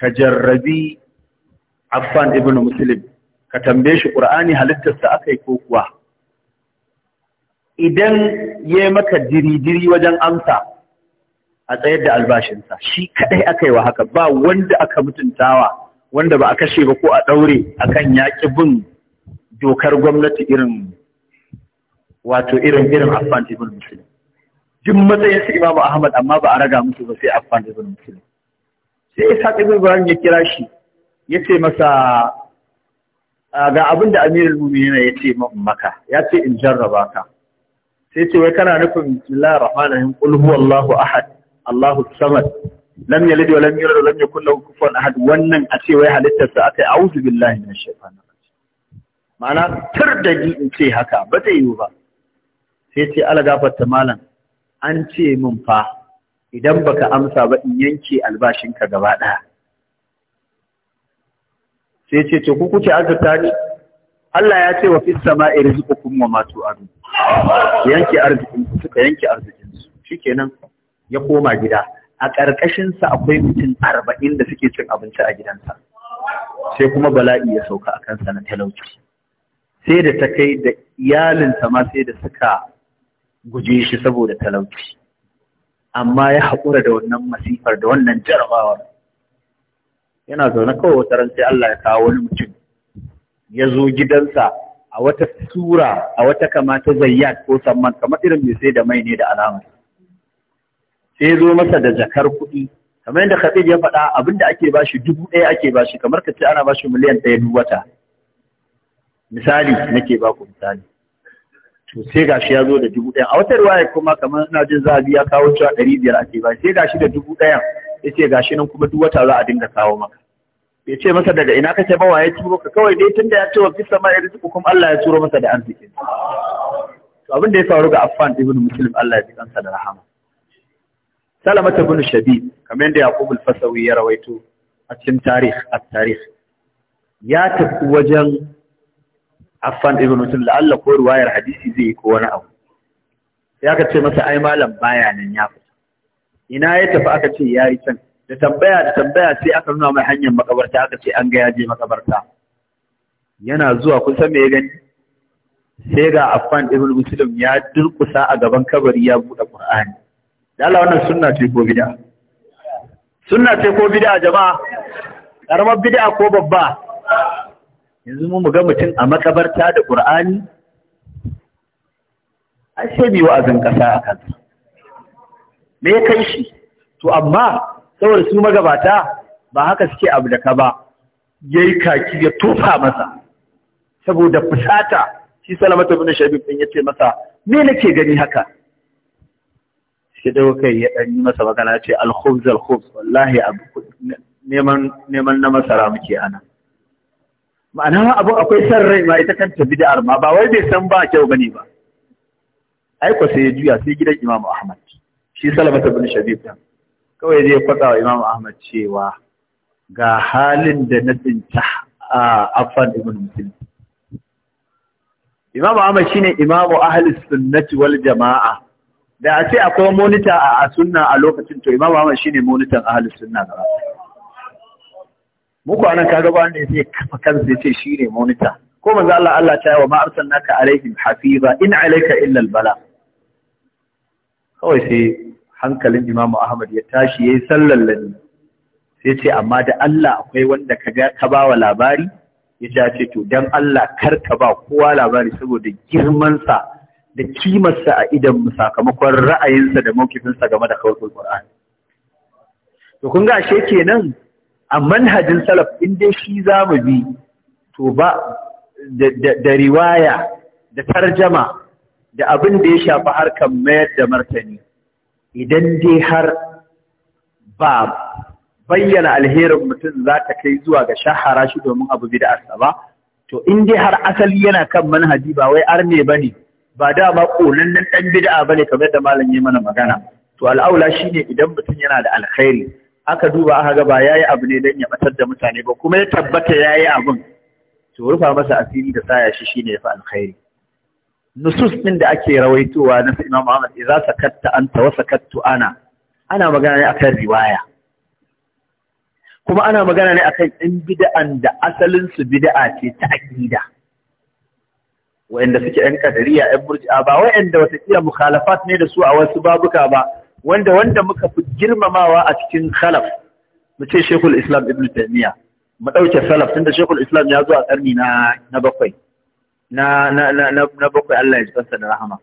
ka jarrabi Affan ibn Muslim ka tambaye shi Qur'ani halittarsa akai ko kuwa idan yayi maka diridiri wajen amsa a tsayar da albashinsa shi kadai akai wa haka ba wanda aka mutuntawa wanda ba a kashe ba ko a daure akan yaki bin dokar gwamnati irin wato irin irin Affan ibn Muslim duk matsayin su Imam Ahmad amma ba a raga musu ba sai Affan ibn Muslim sai Isa ibn Ibrahim ya kira shi ya ce masa ga abin da amirul yana ya ce maka ya ce in jarraba ka sai ce wai kana nufin bismillahir rahmanir rahim qul huwallahu ahad allahus samad lam yalid wa lam yulad wa lam yakul lahu kufuwan ahad wannan a ce wai halittar sa akai a'udhu billahi minash shaitanir rajim ma'ana tur da in ce haka ba zai yiwu ba sai ce ala gafarta malam an ce min fa idan baka amsa ba in yanke albashinka gaba ɗaya sai ce ce ku kuce azurta ni Allah ya ce wa fi sama rizqukum wa matu tu'adun yanke arzikin su suka yanke arzikin su shikenan ya koma gida a ƙarƙashin sa akwai mutum arba'in da suke cin abinci a gidansa sai kuma bala'i ya sauka a kansa na talauci sai da ta kai da iyalinsa ma sai da suka guje shi saboda talauci amma ya haƙura da wannan masifar da wannan jarabawar yana zaune kawai wata ran sai Allah ya kawo wani mutum ya zo gidansa a wata sura a wata kama ta zayyat ko samman kamar irin mai sai da mai ne da alama sai ya zo masa da jakar kuɗi kamar yadda Khatib ya faɗa abinda ake bashi dubu ɗaya ake bashi kamar ka ce ana bashi miliyan ɗaya duk wata misali nake ba ku misali to sai gashi ya zo da dubu ɗaya a wata riwaya kuma kamar ina jin zabi ya kawo cewa ɗari biyar ake bashi, sai gashi da dubu ɗaya ya ce gashi nan kuma duk wata za a dinga kawo maka ya ce masa daga ina kake bawa ya turo ka kawai dai tunda ya ce wa fi sama irin kuma Allah ya turo masa da arziki to abin da ya faru ga Affan ibn Muslim Allah ya ji kansa da rahama Salama bin Shabi kamar yadda Yaqub al-Fasawi ya rawaito a cikin tarih at tarih ya tafi wajen Affan ibn Muslim la'alla ko ruwayar hadisi zai yi ko wani abu Ya kace ce masa ai malam baya nan ya fita ina ya tafi aka ce ya yi can da tambaya da tambaya sai aka nuna mai hanyar makabarta aka ce an ga ya je makabarta yana zuwa kusa me ya gani sai ga Affan ibn Muslim ya durkusa a gaban kabari ya bude Qur'ani da Allah wannan sunna ce ko bid'a sunna ce ko bid'a jama'a karamar bid'a ko babba yanzu mu ga mutum a makabarta da Qur'ani ai sai bi wa'azin kasa akan me kai shi to amma saboda su magabata ba haka suke abu da ka ba Ya yi kaki ya tofa masa saboda fusata shi salamata bin shabib ya ce masa me nake gani haka shi dawo kai ya dan yi masa magana ce al-khubz al-khubz wallahi abu neman neman na masara muke ana ma'ana abu akwai san rai ma ita kanta bid'ar ma ba wai bai san ba kyau bane ba ai ko sai ya juya sai gidan Imam Ahmad shi salamata bin shabib din kawai zai faɗa wa Imam Ahmad cewa ga halin da na tsinta a afan ibn mutum. Imam Ahmad shine imamu ahli sunnati wal jama'a da a ce akwai monita a sunna a lokacin to Imam Ahmad shine monitan ahli sunna gaba muku anan kaga ba wanda yake kafa kansa yace shine monita ko manzo Allah Allah ta yawa ma arsalnaka alaihim hafiza in alayka illa al bala kawai sai hankalin Imam Ahmad ya tashi ya yayi sallallani sai ce amma da Allah akwai wanda ka ga ka bawa labari ya ja to don Allah kar ka ba kowa labari saboda girmansa da kimarsa a idan sakamakon ra'ayinsa da maukifinsa game da kawai Qur'ani to kun ga ashe kenan a manhajin salaf in dai shi mu bi to ba da riwaya da tarjama da abin da ya shafi harkar mayar da martani idan dai har ba bayyana alherin mutum za ta kai zuwa ga shahara shi domin abu bi bid'arsa ba to in dai har asali yana kan manhaji ba wai arne ne, ba da dama konannen dan bid'a ne kamar da malam yi mana magana to al'aula shine idan mutum yana da alkhairi aka duba aka gaba ya yi abu ne don ya batar da mutane ba kuma ya tabbata ya yi abun to rufa masa asiri da saya shi shi ne ya fi alkhairi nusus ɗin da ake rawaitowa na Imam Ahmad idza sakatta anta wa sakattu ana ana magana ne akan riwaya kuma ana magana ne akan in bid'an da asalin su bid'a ce ta aqida wa'anda suke ɗan kadariya yan murji'a ba wa'anda watakila mukhalafat ne da su a wasu babuka ba wanda wanda muka fi girmamawa a cikin khalaf mu ce Sheikhul Islam Ibn Taymiyyah mu ɗauke salaf tunda Sheikhul Islam ya zo a ƙarni na bakwai na na na na bakwai Allah ya kansa da rahama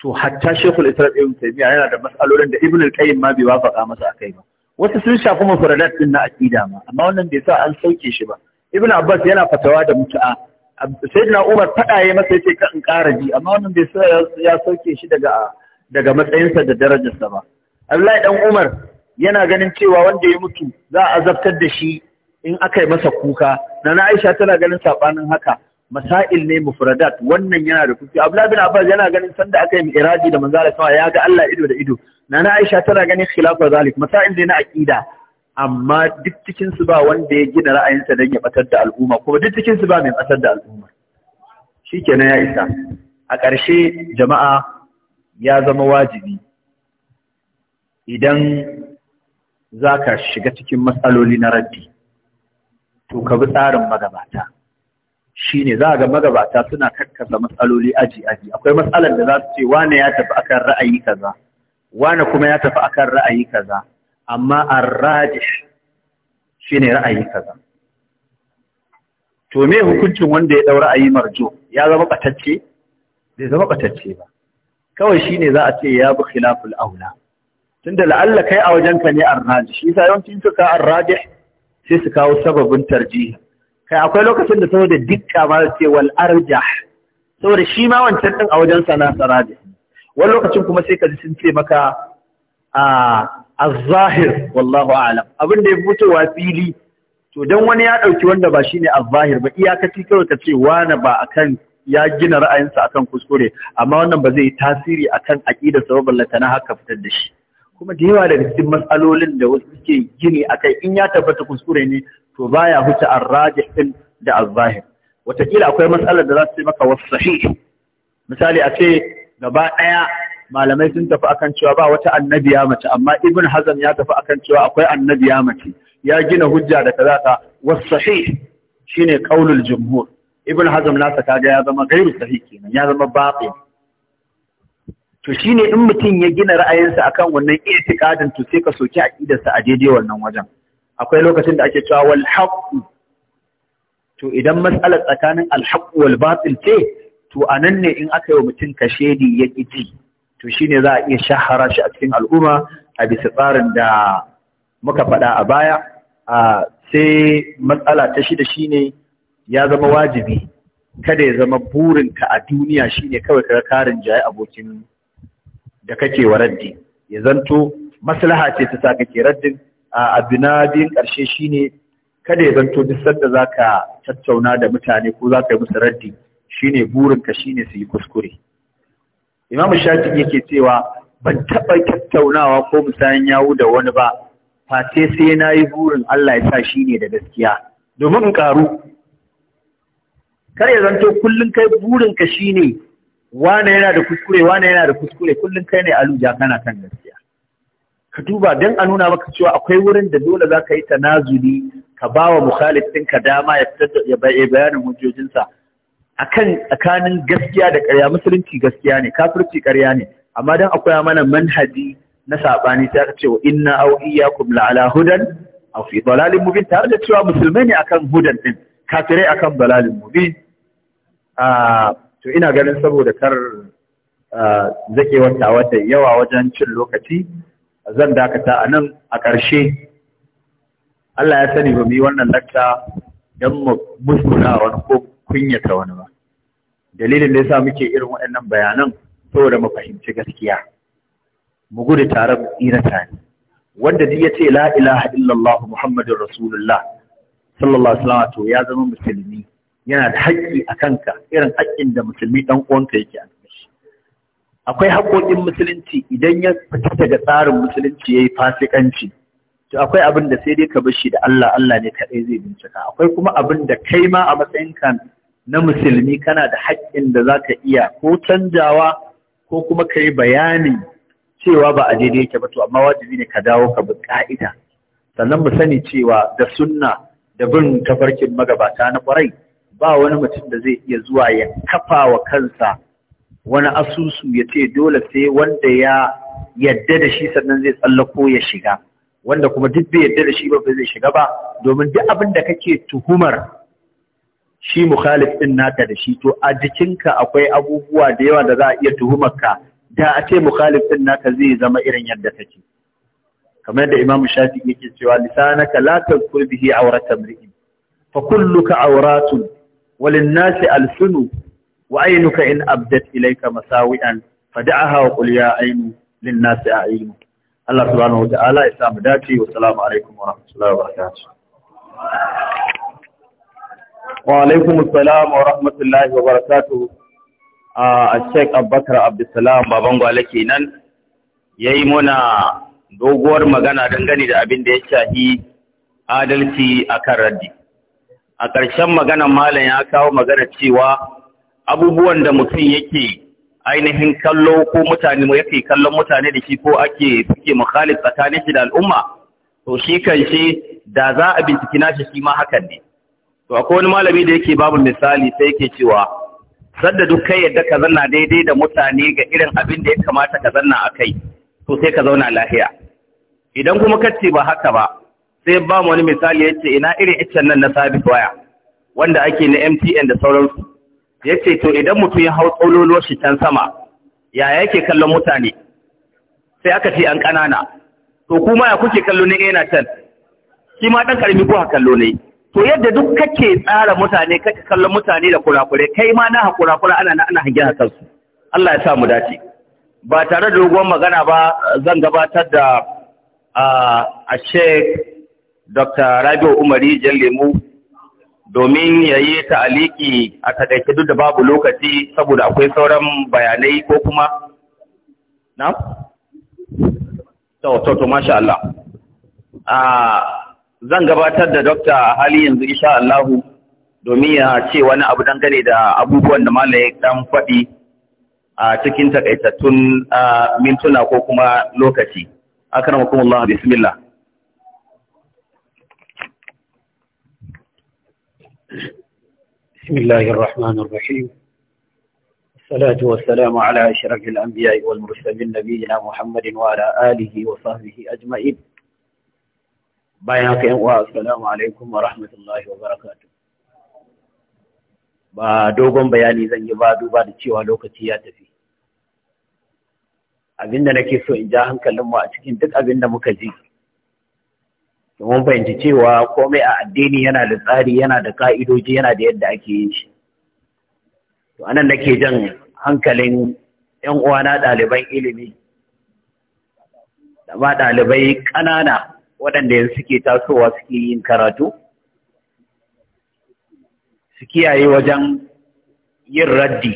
to hatta Sheikhul Islam Ibn Taymiyyah yana da mas'alolin da Ibn al-Qayyim ma bai wafaka masa a kai ba wasu sun shafi mufradat din na aqida ma amma wannan bai sa an sauke shi ba Ibn Abbas yana fatawa da mutu'a Sayyidina Umar fada masa yace ka in ƙara ji amma wannan bai sa ya sauke shi daga matsayinsa da darajarsa ba Abdullahi dan Umar yana ganin cewa wanda ya mutu za a azabtar da shi in aka yi masa kuka Nana Aisha tana ganin saɓanin haka masail ne mufradat wannan yana da kufi Abdullahi bin Abbas yana ganin sanda aka yi mi'raji da manzara sama ya ga Allah ido da ido nana Aisha tana ganin khilafa zalik masail ne na aqida amma duk cikin su ba wanda ya gina ra'ayinsa dan ya batar da al'umma kuma duk cikin su ba mai batar da al'umma shikenan ya isa a ƙarshe jama'a ya zama wajibi idan zaka shiga cikin matsaloli na raddi to ka bi tsarin magabata Shi ne za a ga magabata suna karkasa matsaloli aji aji akwai matsalar da za su ce wane ya tafi akan ra'ayi kaza wane kuma ya tafi akan ra'ayi kaza amma shi ne ra'ayi kaza to me hukuncin wanda ya ɗau ra'ayi marjo ya zama ɓatacce bai zama ɓatacce ba kawai shi ne za a ce ya bi khilaful aula tunda la'alla kai a wajenka ne arrajih shi sa yawancin suka arrajih sai su kawo sababin tarjihi kai akwai lokacin da saboda dukka su ce wal arjah saboda shi ma wancan din a wajen sana sarade wani lokacin kuma sai ka ji sun ce maka a az-zahir wallahu a'lam abin da ya wa fili to dan wani ya dauki wanda ba shine az-zahir ba iyakaci kawai ka ce wani ba akan ya gina ra'ayinsa akan kuskure amma wannan ba zai tasiri akan aqidar sababin latana haka fitar da shi kuma da yawa daga cikin matsalolin da wasu suke gini akai in ya tabbata kuskure ne to ba ya huce ar-rajih din da az-zahir wataƙila akwai matsalar da za su ce maka wasu sahih misali a ce gaba ɗaya malamai sun tafi akan cewa ba wata annabiya mace amma ibn hazm ya tafi akan cewa akwai annabiya mace ya gina hujja da kaza ta wasu sahih shine qaulul jumhur ibn hazm nasa kaga ya zama gairu sahih kenan ya zama batil to shi ne in mutum ya gina ra'ayinsa akan wannan iya i'tiqadin to sai ka soki aqidarsa a daidai wannan wajen akwai lokacin da ake cewa wal haqqu to idan matsalar tsakanin al haqqu wal batil ce to anan ne in aka yi wa mutum ni ya ƙiji to shine za a iya shahara shi a cikin al'umma a bisa tsarin da muka faɗa a baya sai matsala ta shi shida shine ya zama wajibi kada ya zama burin ka a duniya shine kawai ka karin jayi abokin da kake wa ya zanto maslaha ce ta sa kake raddin abu na biyun ƙarshe ne kada ya zanto duk sanda za ka tattauna da mutane ko za ka yi musu raddi shi ne burinka shi ne su yi kuskure imam shafi yake cewa ban taɓa tattaunawa ko musayan yawo da wani ba face sai na yi burin Allah ya sa shi ne da gaskiya domin in ƙaru kar ya zanto kullum kai burinka shi ne wane yana da kuskure wane yana da kuskure kullum kai ne aluja kana kan gaskiya ka duba don a nuna maka cewa akwai wurin da dole za ka yi tanazuli ka ba wa mukhalif ka dama ya ya bayanin hujjojinsa akan tsakanin gaskiya da ƙarya musulunci gaskiya ne kafirci ƙarya ne amma don akwai mana manhaji na saɓani sai aka ce wa inna aw iyyakum la ala hudan aw fi dalalin mubin tare da cewa musulmai ne akan hudan din kafirai akan dalalin mubin a to ina ganin saboda kar zakewar tawa da yawa wajen cin lokaci zan dakata a nan a ƙarshe Allah ya sani ba mu yi wannan lakta don mu musguna wani ko kunyata wani ba dalilin da sa muke irin waɗannan bayanan saboda mu fahimci gaskiya mu gudu tare mu tsira tare wanda duk ya ce la ilaha illallah muhammadur rasulullah sallallahu alaihi wasallam to ya zama musulmi yana da haƙƙi a kanka irin haƙƙin da musulmi ɗan uwanka yake a akwai haƙoƙin musulunci idan ya fita daga tsarin musulunci ya yi fasikanci to akwai abin da sai dai ka shi da Allah Allah ne kaɗai zai bincika akwai kuma abin da kai ma a matsayinka na musulmi kana da haƙƙin da za ka iya ko canjawa ko kuma ka yi bayani cewa ba a daidai yake ba to amma wajibi ne ka dawo ka bi ƙa'ida sannan mu sani cewa da sunna da bin tafarkin magabata na ƙwarai ba wani mutum da zai iya zuwa ya kafa wa kansa wani asusu ya ce dole sai wanda ya yadda da shi sannan zai tsallako ya shiga wanda kuma duk bai yadda da shi ba zai shiga ba domin duk abin da kake tuhumar shi mukhalif din naka da shi to a jikinka akwai abubuwa da yawa da za a iya tuhumar ka da a ce mukhalif din naka zai zama irin yadda kake kamar yadda Imam Shafi yake cewa lisanaka la tazkur bihi awrata imri'in fa kulluka awratun walin nasi alsunu وعينك إن أبدت إليك مساوئا فدعها وقل يا عين للناس أعين الله سبحانه وتعالى إسلام داتي والسلام عليكم ورحمة الله وبركاته وعليكم السلام ورحمة الله وبركاته الشيخ أبو بكر عبد السلام بابنغو عليكي نان yayi muna doguwar magana dangane da abin da ya shahi adalci akan raddi a ƙarshen مغانا malam ya kawo magana abubuwan da mutum yake ainihin kallo ko mutane mu yake kallon mutane da shi ko ake suke mukhalif tsakanin shi da al'umma to shi kan shi da za a binciki nashi shi ma hakan ne to akwai wani malami da yake babu misali sai yake cewa sadda duk kai yadda ka zanna daidai da mutane ga irin abin da ya kamata ka zanna a kai to sai ka zauna lafiya idan kuma ce ba haka ba sai ba mu wani misali yace ina irin iccen nan na sabis waya wanda ake na MTN da sauransu ya ce to idan mutum ya hau tsololuwar shi can sama ya yake kallon mutane sai aka ce an ƙanana to kuma ya kuke kallo ne yana can shi ma ɗan ƙarfi kuka kallo ne to yadda duk kake tsara mutane kake kallon mutane da kurakurai kai ma na hakurakura ana na ana hangen su. Allah ya sa mu dace ba tare da dogon magana ba zan gabatar da ah, a Sheikh Dr. Rabiu Umari Jallemu domin ya yi ta'aliki a taƙaice duk da babu lokaci saboda akwai sauran bayanai ko kuma na? to to masha Allah zan gabatar da dokta hali yanzu isha Allahu domin ya ce wani abu dangane da abubuwan da ya ɗan faɗi a cikin taƙaitattun mintuna ko kuma lokaci akramakumullah bismillah بسم الله الرحمن الرحيم الصلاة والسلام على أشرف الأنبياء والمرسلين نبينا محمد وعلى آله وصحبه أجمعين بياك السلام عليكم ورحمة الله وبركاته ba dogon bayani zan yi ba duba da cewa lokaci ya tafi abinda nake so in ja hankalinmu a cikin duk abinda muka ji mun fahimci cewa komai a addini yana da tsari yana da ka'idoji yana da yadda ake yin shi to anan nake jan hankalin yan uwana ɗaliban ilimi da ma ɗalibai ƙanana waɗanda yanzu suke tasowa suke yin karatu su kiyaye wajen yin raddi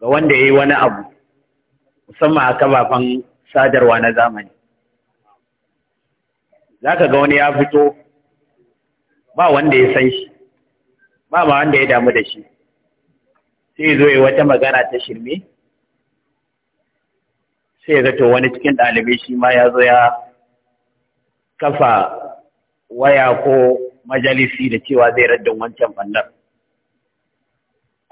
ga wanda ya yi wani abu musamman a kafafen sadarwa na zamani za ka ga wani ya fito ba wanda ya san shi ba ma wanda ya damu da shi sai zo yi wata magana ta shirme sai ga to wani cikin ɗalibai shi ma ya zo ya kafa waya ko majalisi da cewa zai raddin wancan bannar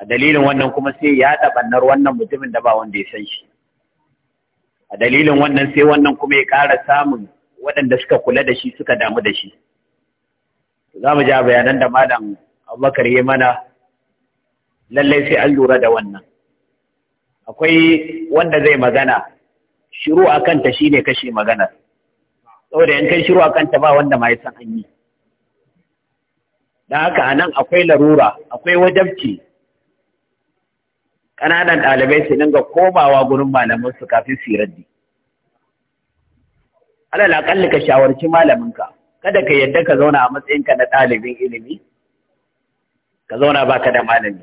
a dalilin wannan kuma sai ya haɗa bannar wannan mutumin da ba wanda ya san shi a dalilin wannan sai wannan kuma ya ƙara samun waɗanda suka kula da shi suka damu da shi za mu ja bayanan da malam abubakar ya mana lallai sai an lura da wannan akwai wanda zai magana shiru a kanta shi ne kashe magana saboda in kai shiru a kanta ba wanda ma ya san an yi Da haka anan akwai larura akwai wajabci ƙananan ɗalibai su dinga komawa gurin malamansu kafin su yi raddi alal aƙalli ka shawarci malaminka kada ka yadda ka zauna a matsayinka na ɗalibin ilimi ka zauna ba ka da malami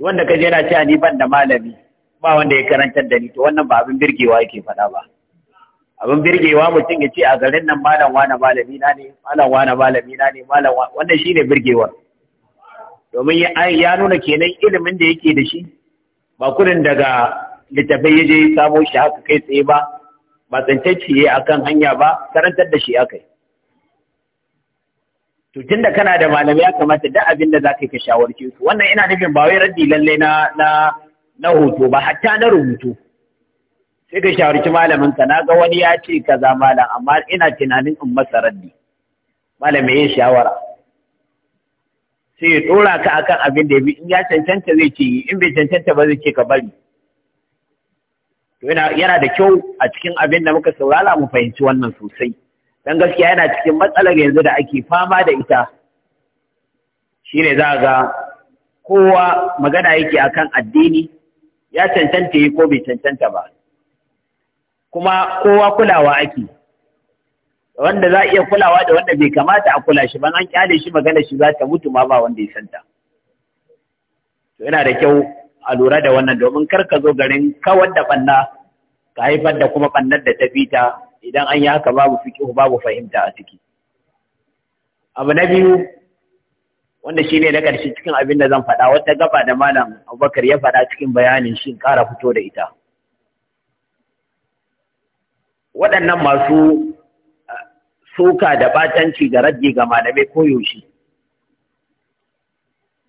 wanda ka je na ci ni ban da malami ba wanda ya karantar da ni to wannan ba abin birgewa yake faɗa ba abin birgewa mutum ya ce a garin nan malam wane malami na ne malam wane malami na ne malam wannan shine birgewar domin ya nuna kenan ilimin da yake da shi ba kudin daga littafai ya je samo shi haka kai tsaye ba ba tsancacci ya kan hanya ba karantar da shi aka yi. to da kana da malamai ya kamata da abin da ka yi ka shawarce su wannan ina nufin ba wai raddi lalle na na hoto ba hatta na rubutu sai ka shawarci malamin ka na ga wani ya ce kaza malam amma ina tunanin in masa raddi Malami ya shawara sai ya ɗora ka akan abin da ya bi in ya cancanta zai ce in bai cancanta ba zai ce ka bari yana da kyau a cikin abin da muka saurara mu fahimci wannan sosai dan gaskiya yana cikin matsalar yanzu da ake fama da ita shine za ga kowa magana yake akan addini ya cancanta yi ko bai cancanta ba kuma kowa kulawa ake wanda za a iya kulawa da wanda bai kamata a kula shi ban an kyale shi magana shi za ta mutu ma ba wanda ya santa yana da kyau a lura da wannan domin kar ka zo garin kawar da ɓanna ka haifar da kuma ɓannar da ta fita idan an yi haka babu babu fahimta a ciki abu na biyu wanda shi ne na ƙarshe cikin abin da zan faɗa wata gaba da malam abubakar ya faɗa cikin bayanin shi ƙara fito da ita waɗannan masu suka da batanci ga rajji ga malamai ko yaushe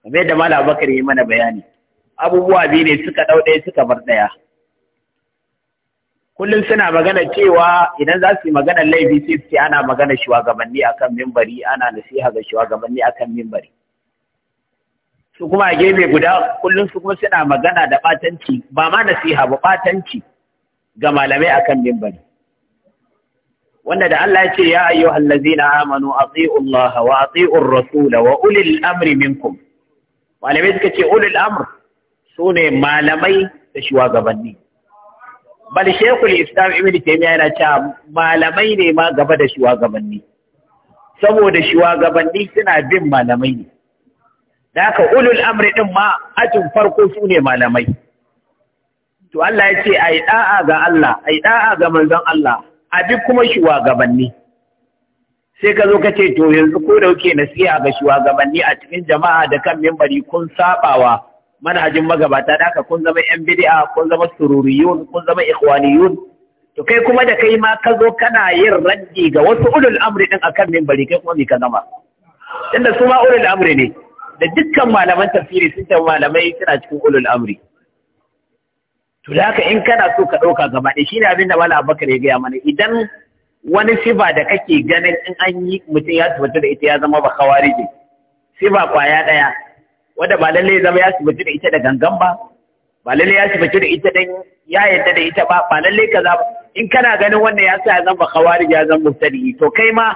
kamar yadda malam abubakar ya yi mana bayani abubuwa biyu ne suka ɗau ɗaya suka bar ɗaya kullum suna magana cewa idan za su yi maganar laifi sai su ce ana magana shugabanni akan mimbari ana nasiha ga shugabanni akan mimbari su kuma a gefe guda kullum su kuma suna magana da ɓatanci ba ma nasiha ba ɓatanci ga malamai akan mimbari wanda da Allah ya ce ya na amanu a Allah wa a ar-rasul wa ulil amri minkum malamai suka ce ulil amr su ne malamai da shugabanni bal shekul islam ibn taymiya yana cewa malamai ne ma gaba da shugabanni saboda shugabanni suna bin malamai ne da haka ulul amri din ma ajin farko su ne malamai to Allah ya ce ai da'a ga Allah ai da'a ga manzon Allah a duk kuma shugabanni sai ka zo ka ce to yanzu ko da kuke nasiha ga shugabanni a cikin jama'a da kan mimbari kun sabawa manhajin magabata da haka kun zama yan bid'a kun zama sururiyun kun zama ikhwaniyun to kai kuma da kai ma ka zo kana yin raddi ga wasu ulul amri din akan minbari kai kuma me ka zama tunda su ma ulul amri ne da dukkan malaman tafsiri sun ce malamai suna cikin ulul amri to da haka in kana so ka ɗauka gaba ɗaya shine abin da mala abubakar ya gaya mana idan wani siba da kake ganin in an yi mutum ya tabbata da ita ya zama ba kawari siba kwaya ɗaya wanda ba lalle ya zama ya sifaci da ita da gangan ba ba lalle ya sifaci da ita dan ya yadda da ita ba ba lalle kaza in kana ganin wannan ya sa ya zama khawarij ya zama mustadi to kai ma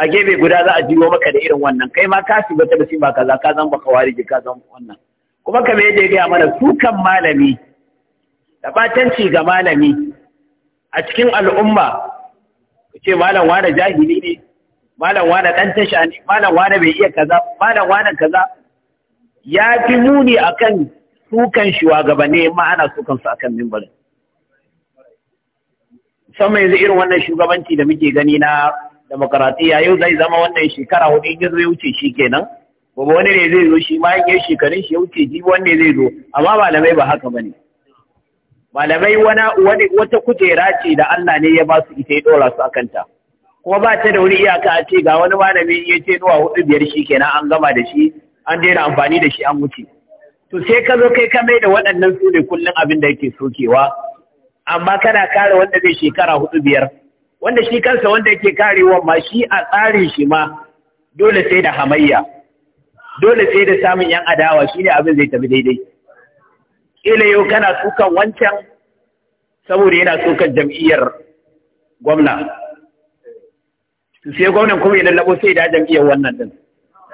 a gefe guda za a jiwo maka da irin wannan kai ma ka sibata da ba kaza ka zama khawarij ka zama wannan kuma kamar yadda ya gaya mana sukan malami da batanci ga malami a cikin al'umma ce malam wane jahili ne malam wane dan tasha ne malam wane bai iya kaza malam wane kaza ya fi muni akan sukan shugabanni ma ana sukan su akan mimbarin musamman yanzu irin wannan shugabanci da muke gani na demokaratiya yau zai zama wannan shekara hudu in ya wuce shi kenan gobe wani ne zai zo shi ma in shekarun shi ya wuce ji wanne zai zo amma malamai ba haka ba ne. malamai wani wata kujera ce da Allah ne ya ba su ita ya ɗora su a kanta. kuma ba ta da wani iyaka a ce ga wani malami ya ce zuwa hudu biyar shi kenan an gama da shi an daina amfani da shi an wuce to sai ka zo kai ka mai da waɗannan su ne kullum abin da yake sokewa amma kana kare wanda zai shekara hudu biyar wanda shi kansa wanda yake karewa ma shi a tsarin shi ma dole sai da hamayya dole sai da samun yan adawa shine abin zai tafi daidai kila yau kana sukan wancan saboda yana sukan jam'iyyar gwamna sai gwamnan kuma ya labo sai da jam'iyyar wannan din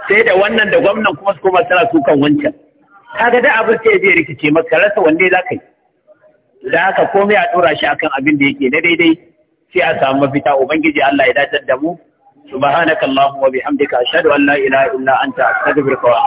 sai da wannan da gwamnan kuma su koma su kan wancan kaga da abin sai zai rikice maka rasa wanne za ka yi da haka komai a ɗora shi akan abin da yake na daidai sai a samu mafita ubangiji Allah ya dace da mu subhanakallahumma wa bihamdika ashhadu an la ilaha illa anta astaghfiruka wa